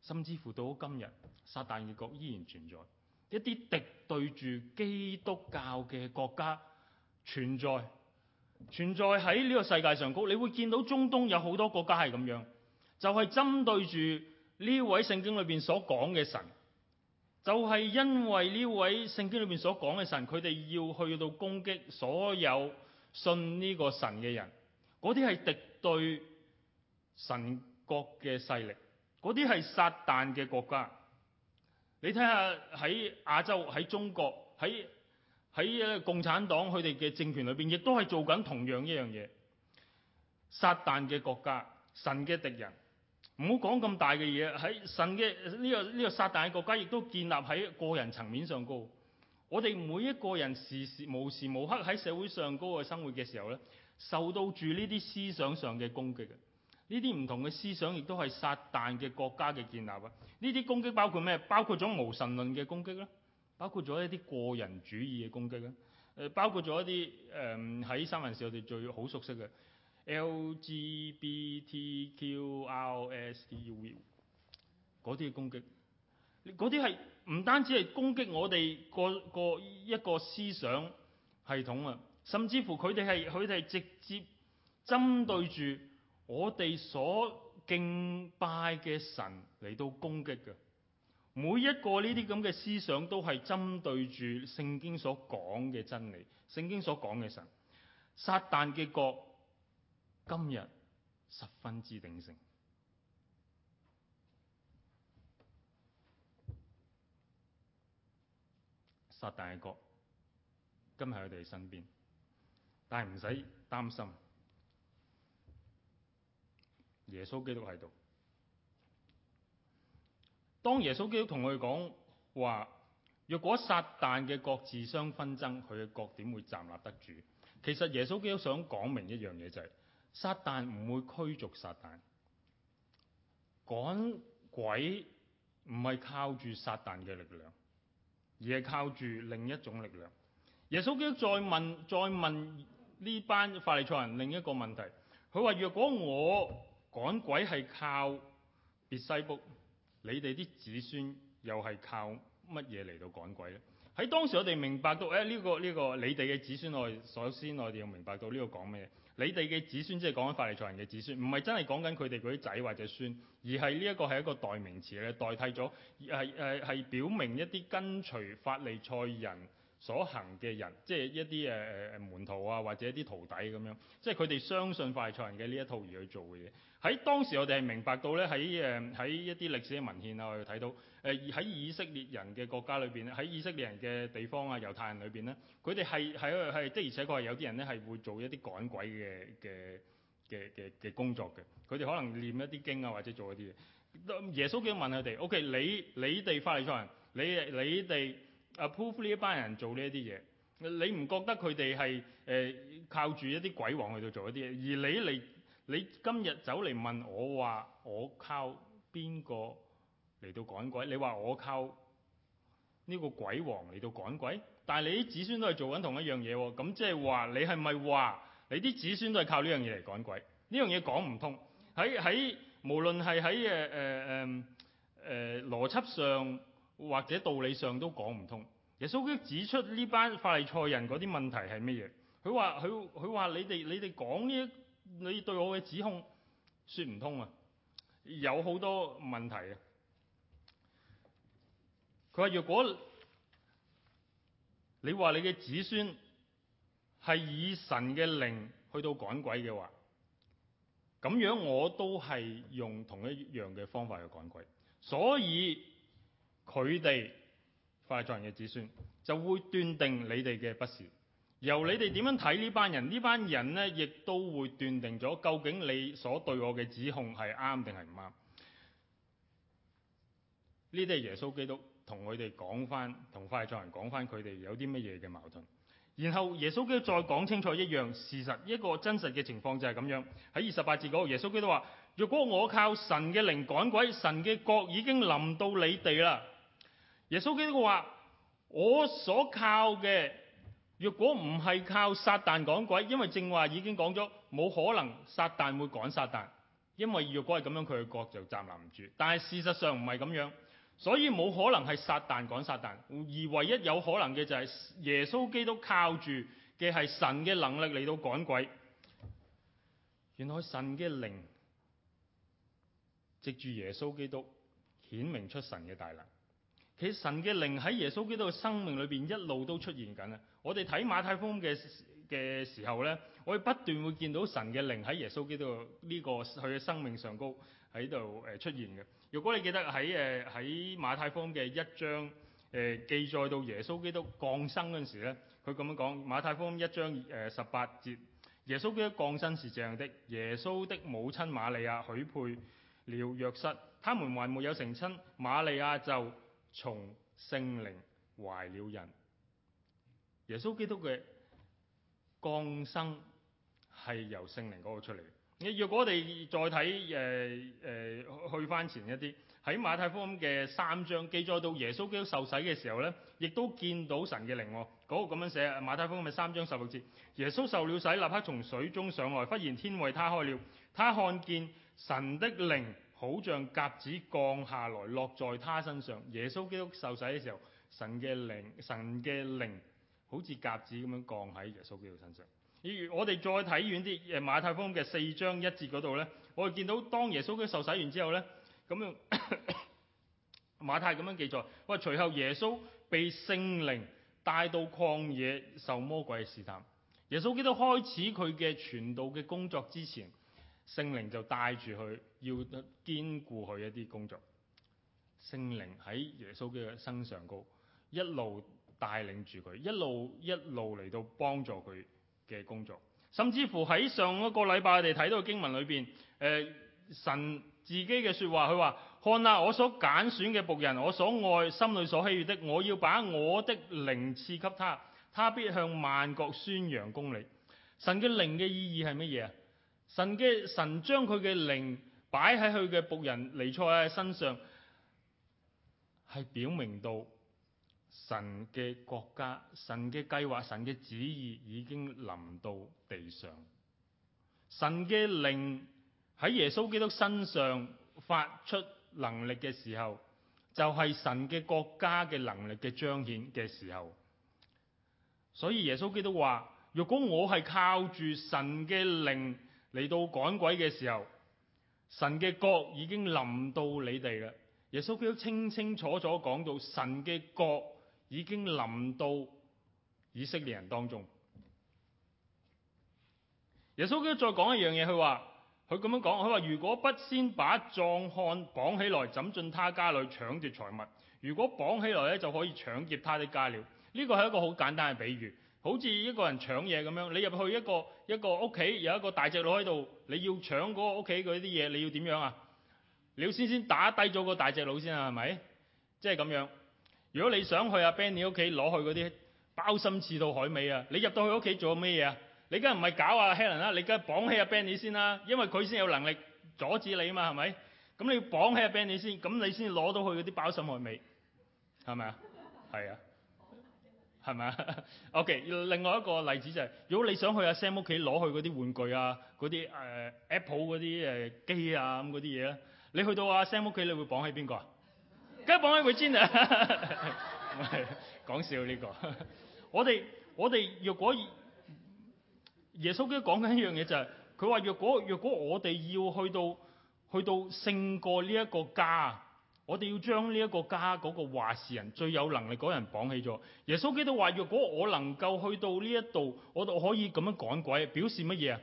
[SPEAKER 1] 甚至乎到到今日，撒旦嘅國依然存在，一啲敵對住基督教嘅國家存在，存在喺呢個世界上高，你會見到中東有好多國家係咁樣，就係針對住呢位聖經裏邊所講嘅神，就係因為呢位聖經裏面所講嘅神，佢哋要去到攻擊所有信呢個神嘅人，嗰啲係敵對神國嘅勢力，嗰啲係撒旦嘅國家。你睇下喺亞洲、喺中國、喺。喺共產黨佢哋嘅政權裏邊，亦都係做緊同樣一樣嘢。撒旦嘅國家，神嘅敵人，唔好講咁大嘅嘢。喺神嘅呢個呢個撒旦嘅國家，亦都建立喺個人層面上高。我哋每一個人時時無時無刻喺社會上高嘅生活嘅時候咧，受到住呢啲思想上嘅攻擊嘅。呢啲唔同嘅思想，亦都係撒旦嘅國家嘅建立啊。呢啲攻擊包括咩？包括咗無神論嘅攻擊啦。包括咗一啲個人主義嘅攻擊啦，誒包括咗一啲誒喺三文士我哋最好熟悉嘅 LGBTQRSTU 嗰啲攻擊，嗰啲係唔單止係攻擊我哋個個一個思想系統啊，甚至乎佢哋係佢哋係直接針對住我哋所敬拜嘅神嚟到攻擊嘅。每一個呢啲咁嘅思想都係針對住聖經所講嘅真理，聖經所講嘅神，撒旦嘅國今日十分之鼎盛，撒旦嘅國今日喺佢哋身邊，但係唔使擔心，耶穌基督喺度。當耶穌基督同佢講話，若果撒旦嘅國自相紛爭，佢嘅國點會站立得住？其實耶穌基督想講明一樣嘢，就係、是，撒旦唔會驅逐撒旦，趕鬼唔係靠住撒旦嘅力量，而係靠住另一種力量。耶穌基督再問，再問呢班法利賽人另一個問題，佢話，若果我趕鬼係靠別西卜？你哋啲子孫又係靠乜嘢嚟到趕鬼咧？喺當時我哋明白到，誒、哎、呢、這個呢、這個你哋嘅子孫，我哋首先我哋要明白到呢個講咩？你哋嘅子孫即係講緊法利賽人嘅子孫，唔係真係講緊佢哋嗰啲仔或者孫，而係呢一個係一個代名詞咧，代替咗係係係表明一啲跟隨法利賽人所行嘅人，即係一啲誒誒誒門徒啊或者一啲徒弟咁樣，即係佢哋相信法利賽人嘅呢一套而去做嘅嘢。喺當時我哋係明白到咧，喺誒喺一啲歷史嘅文獻啊，我哋睇到誒喺以色列人嘅國家裏邊咧，喺以色列人嘅地方啊，猶太人裏邊咧，佢哋係係係的，而且確係有啲人咧係會做一啲趕鬼嘅嘅嘅嘅嘅工作嘅。佢哋可能念一啲經啊，或者做一啲嘢。耶穌嘅問佢哋，O.K. 你你哋法利賽人，你你哋 approve 呢一班人做呢一啲嘢，你唔覺得佢哋係誒靠住一啲鬼王去度做一啲嘢？而你嚟？你你今日走嚟問我話我靠邊個嚟到趕鬼？你話我靠呢個鬼王嚟到趕鬼？但係你啲子孫都係做緊同一樣嘢喎。咁即係話你係咪話你啲子孫都係靠呢樣嘢嚟趕鬼？呢樣嘢講唔通。喺喺無論係喺誒誒誒誒邏輯上或者道理上都講唔通。耶穌基督指出呢班法利賽人嗰啲問題係乜嘢？佢話佢佢話你哋你哋講呢？你對我嘅指控説唔通啊！有好多問題啊！佢話：如果你話你嘅子孫係以神嘅靈去到趕鬼嘅話，咁樣我都係用同一樣嘅方法去趕鬼，所以佢哋法利賽人嘅子孫就會斷定你哋嘅不是。由你哋點樣睇呢班人？呢班人呢亦都會斷定咗究竟你所對我嘅指控係啱定係唔啱？呢啲係耶穌基督同佢哋講翻，同法利賽人講翻，佢哋有啲乜嘢嘅矛盾？然後耶穌基督再講清楚一樣事實，一個真實嘅情況就係咁樣。喺二十八節嗰度，耶穌基督話：若果我靠神嘅靈趕鬼，神嘅國已經臨到你哋啦。耶穌基督話：我所靠嘅。如果唔係靠撒旦趕鬼，因為正話已經講咗，冇可能撒旦會趕撒旦。因為如果係咁樣，佢嘅國就站立唔住。但係事實上唔係咁樣，所以冇可能係撒旦趕撒旦。而唯一有可能嘅就係耶穌基督靠住嘅係神嘅能力嚟到趕鬼。原來神嘅靈藉住耶穌基督顯明出神嘅大能。其實神嘅靈喺耶穌基督嘅生命裏邊一路都出現緊啊！我哋睇馬太福音嘅嘅時候咧，我哋不斷會見到神嘅靈喺耶穌基督呢、這個佢嘅生命上高喺度出現嘅。如果你記得喺誒喺馬太福音嘅一章、呃、記載到耶穌基督降生嗰陣時咧，佢咁樣講，馬太福音一章十八節，耶穌基督降生是這樣的，耶穌的母親馬利亞許配了約瑟，他們還沒有成親，馬利亞就從聖靈懷了人。耶穌基督嘅降生係由聖靈嗰個出嚟。你若果我哋再睇誒誒去翻前一啲，喺馬太福音嘅三章記載到耶穌基督受洗嘅時候咧，亦都見到神嘅靈喎。嗰、那個咁樣寫，馬太福音嘅三章十六節，耶穌受了洗，立刻從水中上來，忽然天為他開了，他看見神的靈好像鴿子降下來，落在他身上。耶穌基督受洗嘅時候，神嘅靈神嘅靈。好似鴿子咁樣降喺耶穌基督身上。我哋再睇遠啲，誒馬太福音嘅四章一節嗰度咧，我哋見到當耶穌基督受洗完之後咧，咁樣 馬太咁樣記載，喂，隨後耶穌被聖靈帶到曠野受魔鬼試探。耶穌基督開始佢嘅傳道嘅工作之前，聖靈就帶住佢要堅固佢一啲工作。聖靈喺耶穌基督身上高一路。帶領住佢，一路一路嚟到幫助佢嘅工作，甚至乎喺上一個禮拜我哋睇到嘅經文裏邊，誒、呃，神自己嘅說話，佢話：，看哪，我所揀選嘅僕人，我所愛，心裏所喜悦的，我要把我的靈賜給他，他必向萬國宣揚公理。神嘅靈嘅意義係乜嘢啊？神嘅神將佢嘅靈擺喺佢嘅僕人彌賽亞身上，係表明到。神嘅國家、神嘅計劃、神嘅旨意已經臨到地上。神嘅靈喺耶穌基督身上發出能力嘅時候，就係神嘅國家嘅能力嘅彰顯嘅時候。所以耶穌基督話：，如果我係靠住神嘅靈嚟到趕鬼嘅時候，神嘅國已經臨到你哋啦。耶穌基督清清楚楚講到神嘅國。已經臨到以色列人當中。耶穌基督再講一樣嘢，佢話：佢咁樣講，佢話如果不先把壯漢綁起來，怎進他家裏搶奪財物；如果綁起來咧，就可以搶劫他的家了。呢個係一個好簡單嘅比喻，好似一個人搶嘢咁樣。你入去一個一個屋企，有一個大隻佬喺度，你要搶嗰個屋企嗰啲嘢，你要點樣啊？你要先先打低咗個大隻佬先啊，係咪？即係咁樣。如果你想去阿 Benny 屋企攞去嗰啲包心刺到海味啊，你入到去屋企做咩嘢啊？你梗係唔係搞阿 Helen 啦，你梗係綁起阿 Benny 先啦，因為佢先有能力阻止你啊嘛，係咪？咁你要綁起阿 Benny 先，咁你先攞到佢嗰啲包心海味，係咪啊？係啊，係咪啊？OK，另外一個例子就係、是，如果你想去阿 Sam 屋企攞去嗰啲玩具、呃、啊，嗰啲誒 Apple 嗰啲誒機啊咁嗰啲嘢咧，你去到阿 Sam 屋企你會綁起邊個啊？梗係綁喺佢先啊！講笑呢個，我哋我哋若果耶穌基督講緊一樣嘢，就係，佢話若果若果我哋要去到去到勝過呢一個家，我哋要將呢一個家嗰個話事人最有能力嗰人綁起咗。耶穌基督話，若果我能夠去到呢一度，我就可以咁樣趕鬼，表示乜嘢啊？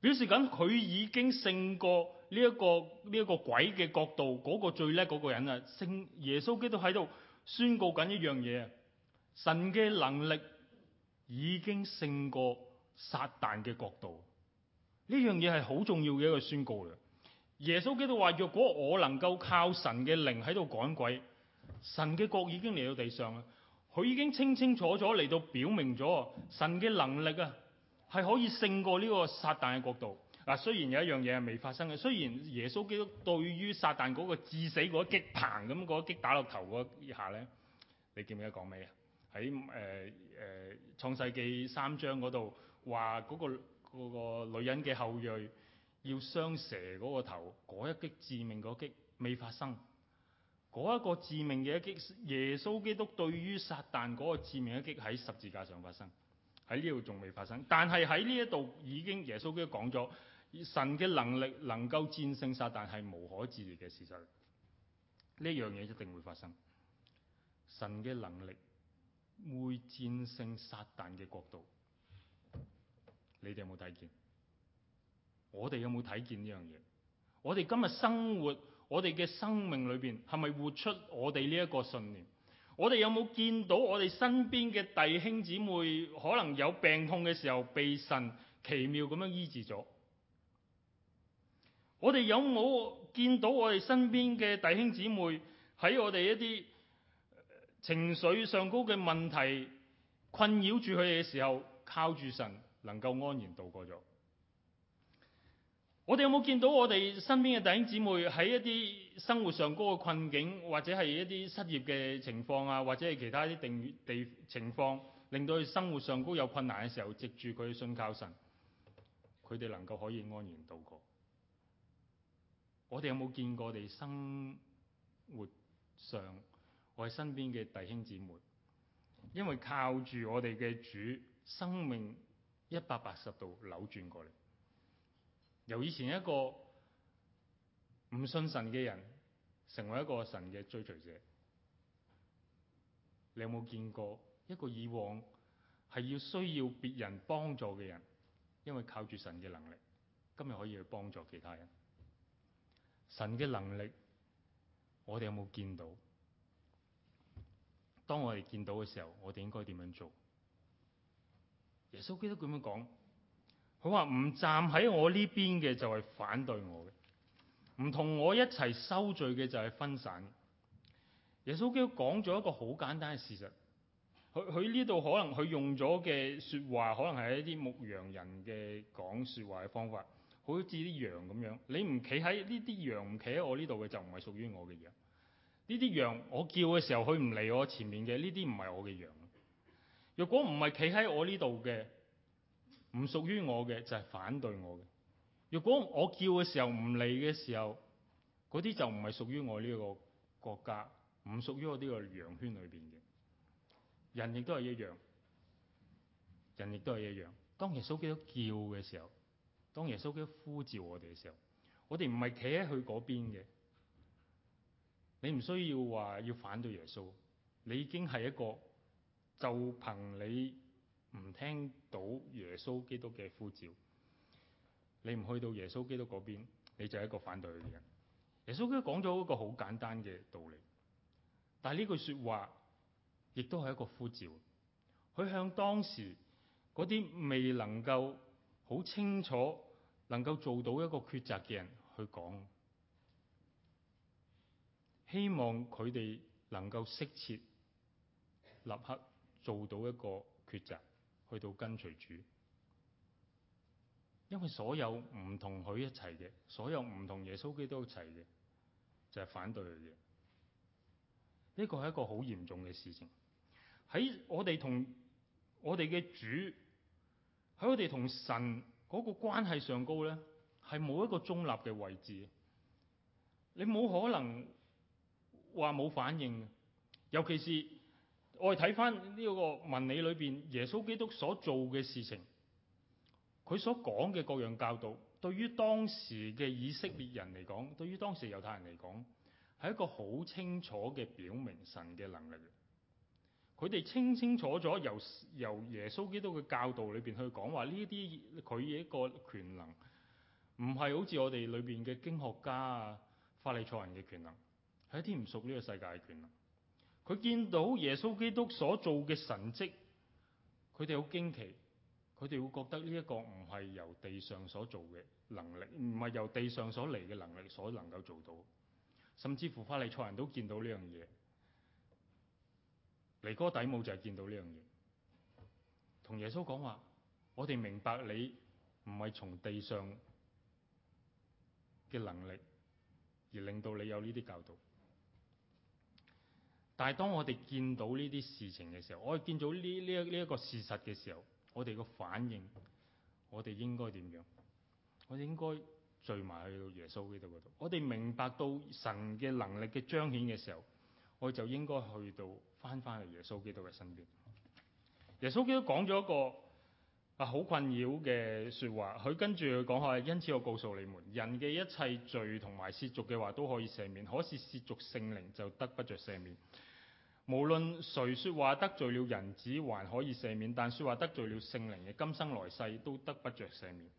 [SPEAKER 1] 表示緊佢已經勝過。呢一、這個呢一、這個鬼嘅國度，嗰、那個最叻嗰個人啊，聖耶穌基督喺度宣告緊一樣嘢：神嘅能力已經勝過撒旦嘅國度。呢樣嘢係好重要嘅一個宣告啦。耶穌基督話：若果我能夠靠神嘅靈喺度趕鬼，神嘅國已經嚟到地上啦。佢已經清清楚楚嚟到表明咗，神嘅能力啊，係可以勝過呢個撒旦嘅國度。嗱，雖然有一樣嘢係未發生嘅，雖然耶穌基督對於撒旦嗰個致死嗰一擊，嘭咁嗰一擊打落頭嗰一下咧，你記唔記得講咩啊？喺誒誒創世記三章嗰度話嗰個女人嘅後裔要傷蛇嗰個頭，嗰一擊致命嗰擊未發生，嗰一個致命嘅一擊，耶穌基督對於撒旦嗰個致命一擊喺十字架上發生，喺呢度仲未發生，但係喺呢一度已經耶穌基督講咗。神嘅能力能夠戰勝撒但，係無可置疑嘅事實，呢樣嘢一定會發生。神嘅能力會戰勝撒但嘅國度。你哋有冇睇見？我哋有冇睇見呢樣嘢？我哋今日生活，我哋嘅生命裏邊，係咪活出我哋呢一個信念？我哋有冇見到我哋身邊嘅弟兄姊妹可能有病痛嘅時候被神奇妙咁樣醫治咗？我哋有冇見到我哋身邊嘅弟兄姊妹喺我哋一啲情緒上高嘅問題困擾住佢嘅時候，靠住神能夠安然度過咗？我哋有冇見到我哋身邊嘅弟兄姊妹喺一啲生活上高嘅困境，或者係一啲失業嘅情況啊，或者係其他一啲定地情況，令到佢生活上高有困難嘅時候，藉住佢嘅信靠神，佢哋能夠可以安然度過？我哋有冇見過？我哋生活上，我哋身邊嘅弟兄姊妹，因為靠住我哋嘅主，生命一百八十度扭轉過嚟，由以前一個唔信神嘅人，成為一個神嘅追隨者。你有冇見過一個以往係要需要別人幫助嘅人，因為靠住神嘅能力，今日可以去幫助其他人？神嘅能力，我哋有冇見到？當我哋見到嘅時候，我哋應該點樣做？耶穌基督咁樣講，佢話唔站喺我呢邊嘅就係反對我嘅，唔同我一齊收聚嘅就係分散。耶穌基督講咗一個好簡單嘅事實，佢佢呢度，可能佢用咗嘅說話，可能係一啲牧羊人嘅講説話嘅方法。好似啲羊咁樣，你唔企喺呢啲羊唔企喺我呢度嘅就唔係屬於我嘅羊。呢啲羊我叫嘅時候佢唔嚟我前面嘅呢啲唔係我嘅羊。如果唔係企喺我呢度嘅，唔屬於我嘅就係反對我嘅。如果我叫嘅時候唔嚟嘅時候，嗰啲就唔係屬於我呢個國家，唔屬於我呢個羊圈裏邊嘅。人亦都係一樣，人亦都係一樣。當耶穌基督叫嘅時候。當耶穌基督呼召我哋嘅時候，我哋唔係企喺佢嗰邊嘅。你唔需要話要反對耶穌，你已經係一個就憑你唔聽到耶穌基督嘅呼召，你唔去到耶穌基督嗰邊，你就係一個反對佢嘅人。耶穌基督講咗一個好簡單嘅道理，但係呢句說話亦都係一個呼召，佢向當時嗰啲未能夠。好清楚能夠做到一個抉擇嘅人去講，希望佢哋能夠適切立刻做到一個抉擇，去到跟隨主。因為所有唔同佢一齊嘅，所有唔同耶穌基督一齊嘅，就係反對嘅嘢。呢個係一個好嚴重嘅事情。喺我哋同我哋嘅主。喺我哋同神嗰個關係上高咧，係冇一個中立嘅位置。你冇可能話冇反應，尤其是我哋睇翻呢個文理裏邊耶穌基督所做嘅事情，佢所講嘅各樣教導對於當時嘅以色列人嚟講，對於當時猶太人嚟講，係一個好清楚嘅表明神嘅能力。佢哋清清楚楚由由耶穌基督嘅教導裏邊去講話，呢啲佢嘅一個權能，唔係好似我哋裏邊嘅經學家啊、法利賽人嘅權能，係一啲唔屬呢個世界嘅權能。佢見到耶穌基督所做嘅神蹟，佢哋好驚奇，佢哋會覺得呢一個唔係由地上所做嘅能力，唔係由地上所嚟嘅能力所能夠做到的，甚至乎法利賽人都見到呢樣嘢。尼哥底母就係見到呢樣嘢，同耶穌講話：我哋明白你唔係從地上嘅能力而令到你有呢啲教導。但係當我哋見到呢啲事情嘅時候，我哋見到呢呢一呢一個事實嘅時候，我哋個反應，我哋應該點樣？我哋應該聚埋去耶穌嗰度嗰度。我哋明白到神嘅能力嘅彰顯嘅時候，我哋就應該去到。翻返嚟耶穌基督嘅身邊。耶穌基督講咗一個啊好困擾嘅說話。佢跟住佢講話，因此我告訴你們，人嘅一切罪同埋褻瀆嘅話都可以赦免，可是褻瀆聖靈就得不着赦免。無論誰說話得罪了人子還可以赦免，但說話得罪了聖靈嘅今生來世都得不着赦免。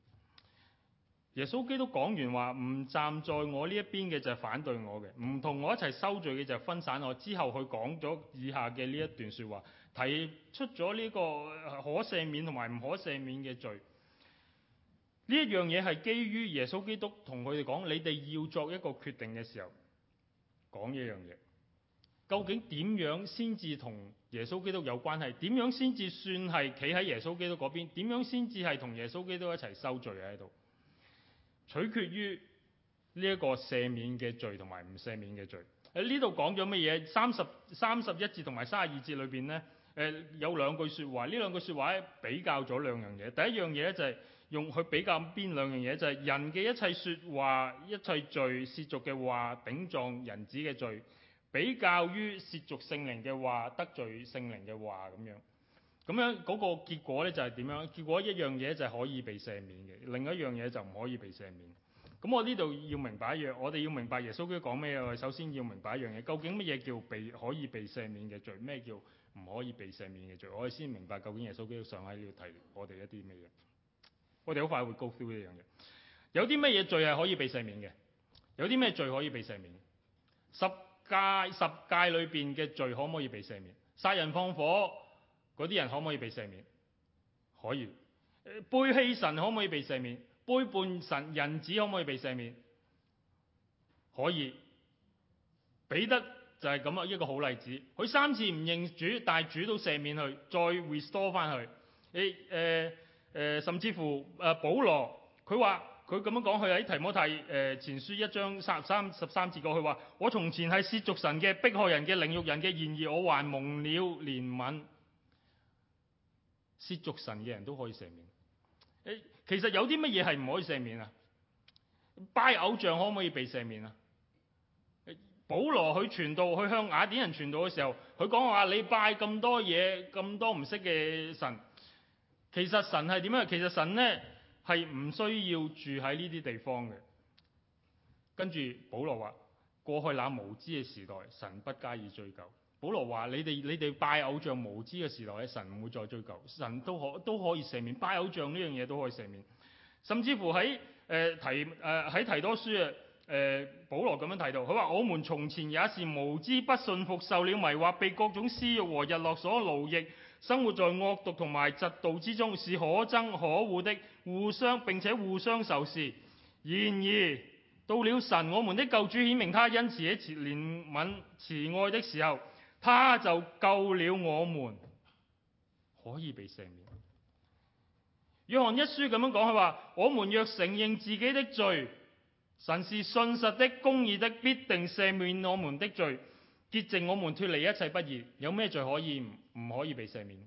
[SPEAKER 1] 耶穌基督講完話，唔站在我呢一邊嘅就係反對我嘅，唔同我一齊收聚嘅就係分散我。之後佢講咗以下嘅呢一段說話，提出咗呢個可赦免同埋唔可赦免嘅罪。呢一樣嘢係基於耶穌基督同佢哋講：你哋要作一個決定嘅時候，講呢一樣嘢，究竟點樣先至同耶穌基督有關係？點樣先至算係企喺耶穌基督嗰邊？點樣先至係同耶穌基督一齊收聚喺度？取決於呢一個赦免嘅罪同埋唔赦免嘅罪，喺呢度講咗乜嘢？三十三十一節同埋三十二節裏邊咧，誒有兩句説話。呢兩句説話咧，比較咗兩樣嘢。第一樣嘢咧，就係用去比較邊兩樣嘢？就係人嘅一切説話、一切罪、褻瀆嘅話、頂撞人子嘅罪，比較於褻瀆聖靈嘅話、得罪聖靈嘅話咁樣。咁樣嗰個結果咧就係點樣？結果一樣嘢就係可以被赦免嘅，另一樣嘢就唔可以被赦免的。咁我呢度要明白一樣，我哋要明白耶穌基督講咩啊？我哋首先要明白一樣嘢，究竟乜嘢叫被可以被赦免嘅罪？咩叫唔可以被赦免嘅罪？我哋先明白究竟耶穌基督上喺呢度提我哋一啲咩嘢？我哋好快會 go through 一樣嘢，有啲乜嘢罪係可以被赦免嘅？有啲咩罪可以被赦免的？十戒十戒裏邊嘅罪可唔可以被赦免？殺人放火？有啲人可唔可以被赦免？可以。背棄神可唔可以被赦免？背叛神人子可唔可以被赦免？可以。彼得就係咁啊，一個好例子。佢三次唔認主，但係主都赦免佢，再 restore 翻佢。誒誒誒，甚至乎誒、啊、保羅，佢話佢咁樣講，佢喺提摩太誒、呃、前書一章三三十三節過去話：我從前係褻瀆神嘅、逼害人嘅、凌辱人嘅，然而我還蒙了憐憫。連吻褻瀆神嘅人都可以赦免，誒，其實有啲乜嘢係唔可以赦免啊？拜偶像可唔可以被赦免啊？保羅去傳道，去向雅典人傳道嘅時候，佢講話你拜咁多嘢，咁多唔識嘅神，其實神係點樣？其實神咧係唔需要住喺呢啲地方嘅。跟住保羅話：過去那無知嘅時代，神不加以追究。保羅話：你哋你哋拜偶像，無知嘅時代，神唔會再追究。神都可都可以赦免拜偶像呢樣嘢，都可以赦免。甚至乎喺誒、呃、提誒喺、呃、提多書啊、誒、呃、保羅咁樣提到，佢話：我們從前也是無知、不信服、受了迷惑，被各種私欲和日落所奴役，生活在惡毒同埋嫉妒之中，是可憎可惡的，互相並且互相仇視。然而到了神，我們的救主，顯明他因自己憐憫慈愛的時候。他就救了我們，可以被赦免。約翰一書咁樣講，佢話：我們若承認自己的罪，神是信實的、公義的，必定赦免我們的罪，潔淨我們，脫離一切不義。有咩罪可以唔可以被赦免？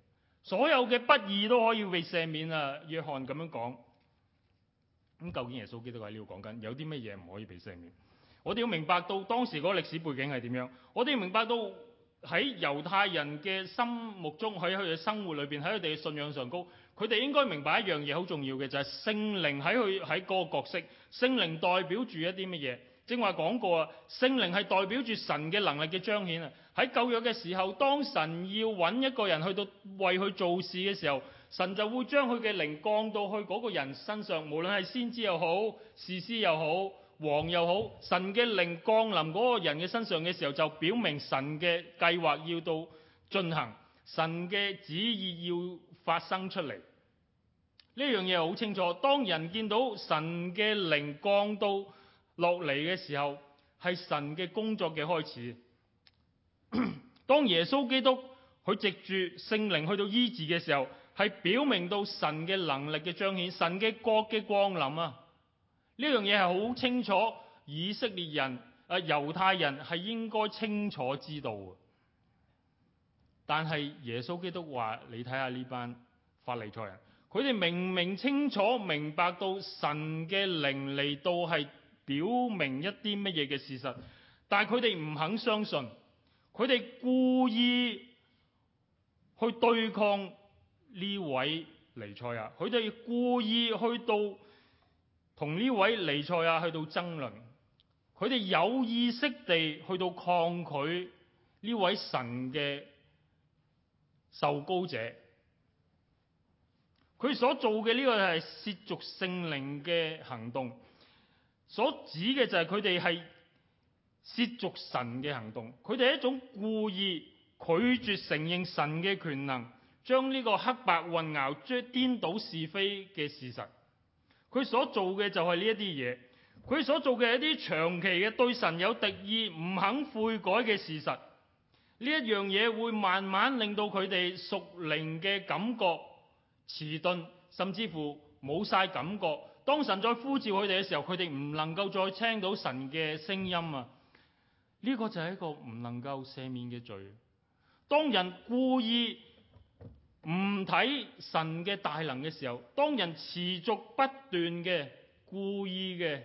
[SPEAKER 1] 所有嘅不義都可以被赦免啊！約翰咁樣講。咁究竟耶穌基督喺呢度講緊，有啲咩嘢唔可以被赦免？我哋要明白到當時嗰個歷史背景係點樣，我哋要明白到。喺猶太人嘅心目中，喺佢哋生活裏邊，喺佢哋信仰上高，佢哋應該明白一樣嘢好重要嘅就係聖靈喺佢喺嗰個角色，聖靈代表住一啲乜嘢？正話講過啊，聖靈係代表住神嘅能力嘅彰顯啊！喺舊約嘅時候，當神要揾一個人去到為佢做事嘅時候，神就會將佢嘅靈降到去嗰個人身上，無論係先知又好，士師又好。王又好，神嘅靈降臨嗰個人嘅身上嘅時候，就表明神嘅計劃要到進行，神嘅旨意要發生出嚟。呢樣嘢好清楚。當人見到神嘅靈降到落嚟嘅時候，係神嘅工作嘅開始。當耶穌基督佢藉住聖靈去到醫治嘅時候，係表明到神嘅能力嘅彰顯，神嘅國嘅降臨啊。呢樣嘢係好清楚，以色列人、啊、呃、猶太人係應該清楚知道嘅。但係耶穌基督話：你睇下呢班法利賽人，佢哋明明清楚、明白到神嘅靈嚟到係表明一啲乜嘢嘅事實，但係佢哋唔肯相信，佢哋故意去對抗呢位尼賽啊，佢哋故意去到。同呢位彌賽亞去到爭論，佢哋有意識地去到抗拒呢位神嘅受膏者，佢所做嘅呢個係褻瀆聖靈嘅行動，所指嘅就係佢哋係褻瀆神嘅行動，佢哋係一種故意拒絕承認神嘅權能，將呢個黑白混淆、將顛倒是非嘅事實。佢所做嘅就係呢一啲嘢，佢所做嘅一啲長期嘅對神有敵意、唔肯悔改嘅事實，呢一樣嘢會慢慢令到佢哋屬靈嘅感覺遲鈍，甚至乎冇晒感覺。當神再呼召佢哋嘅時候，佢哋唔能夠再聽到神嘅聲音啊！呢個就係一個唔能夠赦免嘅罪。當人故意，唔睇神嘅大能嘅時候，當人持續不斷嘅故意嘅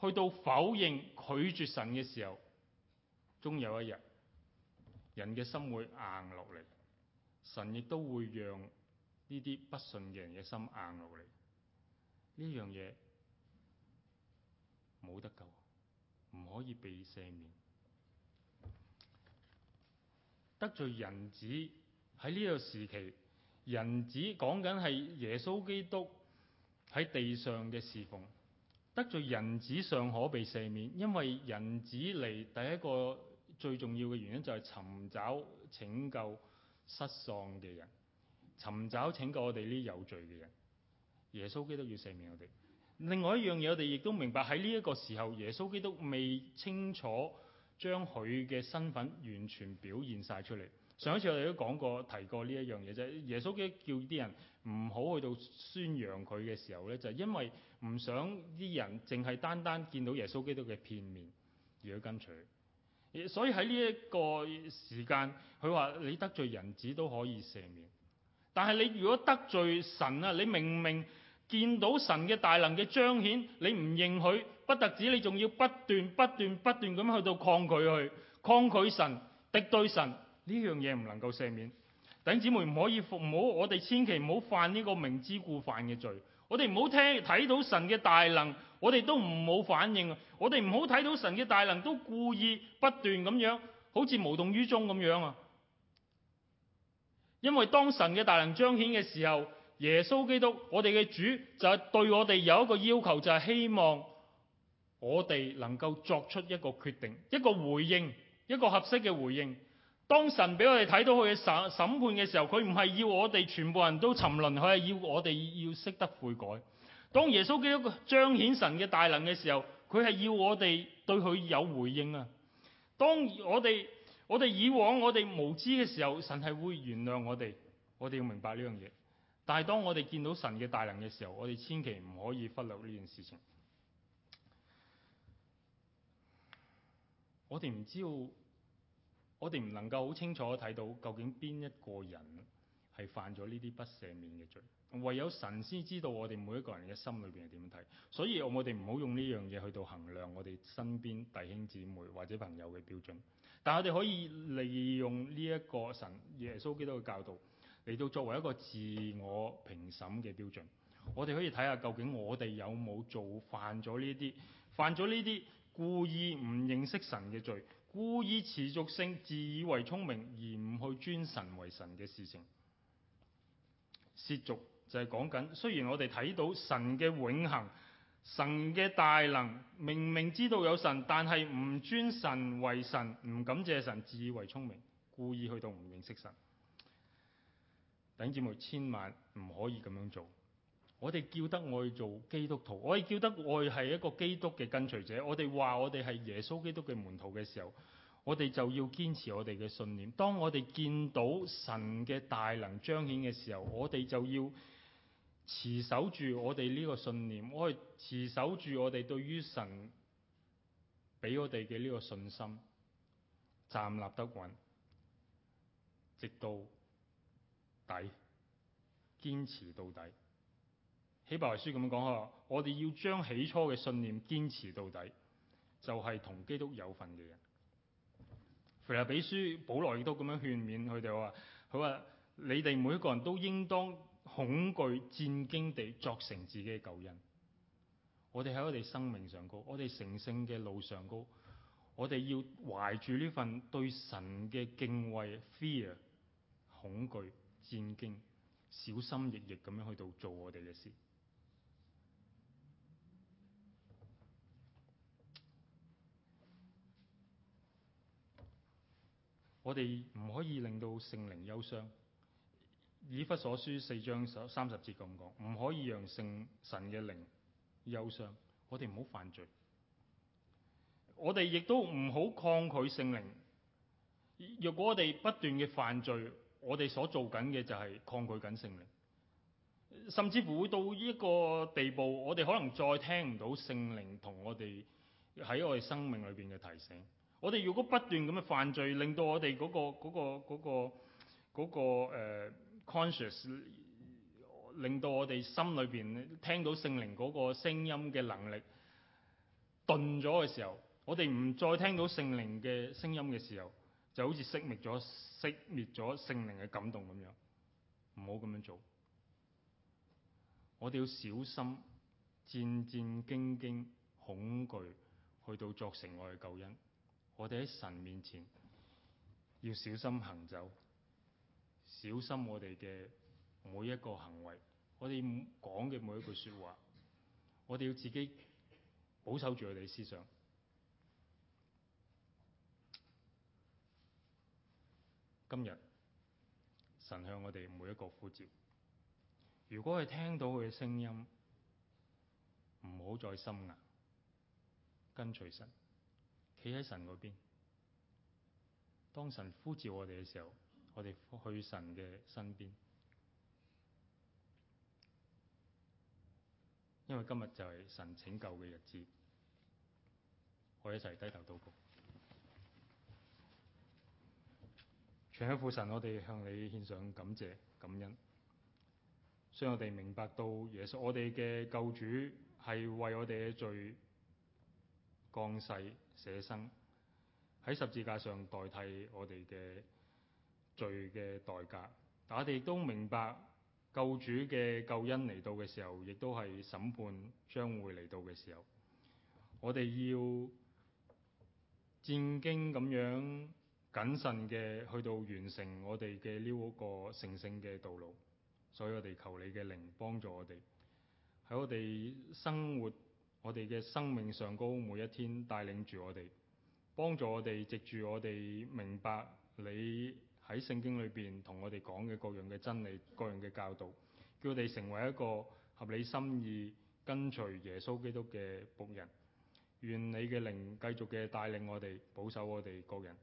[SPEAKER 1] 去到否認拒絕神嘅時候，終有一日，人嘅心會硬落嚟，神亦都會讓呢啲不信嘅人嘅心硬落嚟。呢樣嘢冇得救，唔可以被赦免。得罪人子喺呢個時期，人子講緊係耶穌基督喺地上嘅侍奉，得罪人子尚可被赦免，因為人子嚟第一個最重要嘅原因就係尋找拯救失喪嘅人，尋找拯救我哋呢啲有罪嘅人。耶穌基督要赦免我哋。另外一樣嘢，我哋亦都明白喺呢一個時候，耶穌基督未清楚將佢嘅身份完全表現晒出嚟。上一次我哋都講過提過呢一樣嘢啫。就係、耶穌基督叫啲人唔好去到宣揚佢嘅時候咧，就係、是、因為唔想啲人淨係單單見到耶穌基督嘅片面而去跟隨。所以喺呢一個時間，佢話你得罪人子都可以赦免，但係你如果得罪神啊，你明明見到神嘅大能嘅彰顯，你唔認佢，不特止你仲要不斷不斷不斷咁去到抗拒去抗拒神、敵對神。呢樣嘢，唔能夠赦免，弟兄姊妹唔可以服唔好。我哋千祈唔好犯呢個明知故犯嘅罪。我哋唔好聽睇到神嘅大能，我哋都唔冇反應啊！我哋唔好睇到神嘅大能，都故意不斷咁樣，好似無動於衷咁樣啊！因為當神嘅大能彰顯嘅時候，耶穌基督，我哋嘅主就係對我哋有一個要求，就係、是、希望我哋能夠作出一個決定、一個回應、一個合適嘅回應。當神俾我哋睇到佢嘅審審判嘅時候，佢唔係要我哋全部人都沉淪，佢係要我哋要識得悔改。當耶穌基督彰顯神嘅大能嘅時候，佢係要我哋對佢有回應啊！當我哋我哋以往我哋無知嘅時候，神係會原諒我哋，我哋要明白呢樣嘢。但係當我哋見到神嘅大能嘅時候，我哋千祈唔可以忽略呢件事情。我哋唔知道。我哋唔能夠好清楚睇到究竟邊一個人係犯咗呢啲不赦免嘅罪，唯有神先知道我哋每一個人嘅心裏面係點樣睇，所以我哋唔好用呢樣嘢去到衡量我哋身邊弟兄姊妹或者朋友嘅標準，但我哋可以利用呢一個神耶穌基督嘅教導嚟到作為一個自我評審嘅標準，我哋可以睇下究竟我哋有冇做犯咗呢啲犯咗呢啲故意唔認識神嘅罪。故意持續性自以為聰明而唔去尊神為神嘅事情，涉俗就係講緊。雖然我哋睇到神嘅永恆，神嘅大能，明明知道有神，但係唔尊神為神，唔感謝神，自以為聰明，故意去到唔認識神。弟兄姊妹，千萬唔可以咁樣做。我哋叫得我去做基督徒，我哋叫得我係一個基督嘅跟隨者。我哋話我哋係耶穌基督嘅門徒嘅時候，我哋就要堅持我哋嘅信念。當我哋見到神嘅大能彰顯嘅時候，我哋就要持守住我哋呢個信念，我哋持守住我哋對於神俾我哋嘅呢個信心，站立得穩，直到底，堅持到底。希伯來書咁講，我哋要將起初嘅信念堅持到底，就係、是、同基督有份嘅人。腓立比書保羅亦都咁樣勸勉佢哋話：佢話你哋每一個人都應當恐懼戰兢地作成自己嘅救恩。我哋喺我哋生命上高，我哋成聖嘅路上高，我哋要懷住呢份對神嘅敬畏、fear、恐懼、戰兢。小心翼翼咁樣去到做我哋嘅事，我哋唔可以令到聖靈憂傷。以弗所書四章三十節咁講，唔可以讓聖神嘅靈憂傷。我哋唔好犯罪，我哋亦都唔好抗拒聖靈。若果我哋不斷嘅犯罪，我哋所做緊嘅就係抗拒緊聖靈，甚至乎會到呢個地步，我哋可能再聽唔到聖靈同我哋喺我哋生命裏面嘅提醒。我哋如果不斷咁嘅犯罪，令到我哋嗰個、嗰個、嗰個、嗰個、呃、conscious，令到我哋心裏邊聽到聖靈嗰個聲音嘅能力頓咗嘅時候，我哋唔再聽到聖靈嘅聲音嘅時候。就好似熄滅咗、熄滅咗聖靈嘅感動，咁樣，唔好咁樣做。我哋要小心、戰戰兢兢、恐懼去到作成我嘅救恩。我哋喺神面前要小心行走，小心我哋嘅每一個行為，我哋講嘅每一句說話，我哋要自己保守住我哋嘅思想。今日神向我哋每一個呼召，如果係聽到佢嘅聲音，唔好再心硬，跟隨神，企喺神嗰邊。當神呼召我哋嘅時候，我哋去神嘅身邊，因為今日就係神拯救嘅日子，我哋一齊低頭禱告。全喺父神，我哋向你獻上感謝感恩。雖然我哋明白到耶穌，我哋嘅救主係為我哋嘅罪降世捨生，喺十字架上代替我哋嘅罪嘅代價。但我哋都明白救主嘅救恩嚟到嘅時候，亦都係審判將會嚟到嘅時候。我哋要戰兢咁樣，謹慎嘅去到完成我哋嘅呢個神聖嘅道路，所以我哋求你嘅靈幫助我哋喺我哋生活我哋嘅生命上高每一天帶領住我哋，幫助我哋藉住我哋明白你喺聖經裏邊同我哋講嘅各樣嘅真理、各樣嘅教導，叫我哋成為一個合理心意、跟隨耶穌基督嘅僕人。願你嘅靈繼續嘅帶領我哋，保守我哋各人。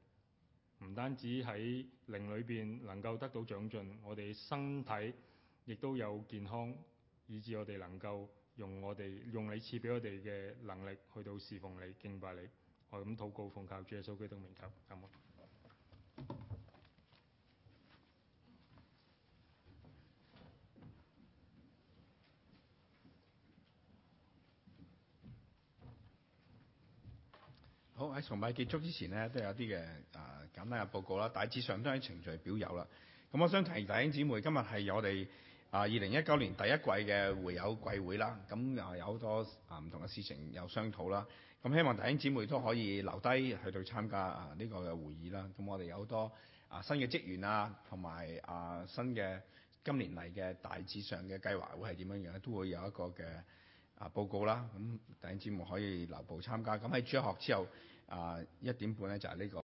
[SPEAKER 1] 唔單止喺靈裏面能夠得到長進，我哋身體亦都有健康，以致我哋能夠用我哋用你賜俾我哋嘅能力去到侍奉你、敬拜你，我咁禱告奉靠主嘅聖潔同榮格，有冇？好，喺崇拜結束之前咧，都有啲嘅啊簡單嘅報告啦。大致上都係程序表有啦。咁我想提弟兄姊妹，今日係我哋啊二零一九年第一季嘅會友季會，會啦。咁啊有好多啊唔同嘅事情有商討啦。咁希望弟兄姊妹都可以留低去到參加啊呢個嘅會議啦。咁我哋有好多啊新嘅職員啊，同埋啊新嘅今年嚟嘅大致上嘅計劃會係點樣樣咧，都會有一個嘅啊報告啦。咁弟兄姊妹可以留步參加。咁喺主日學之後。啊，一點半咧就係呢、這個。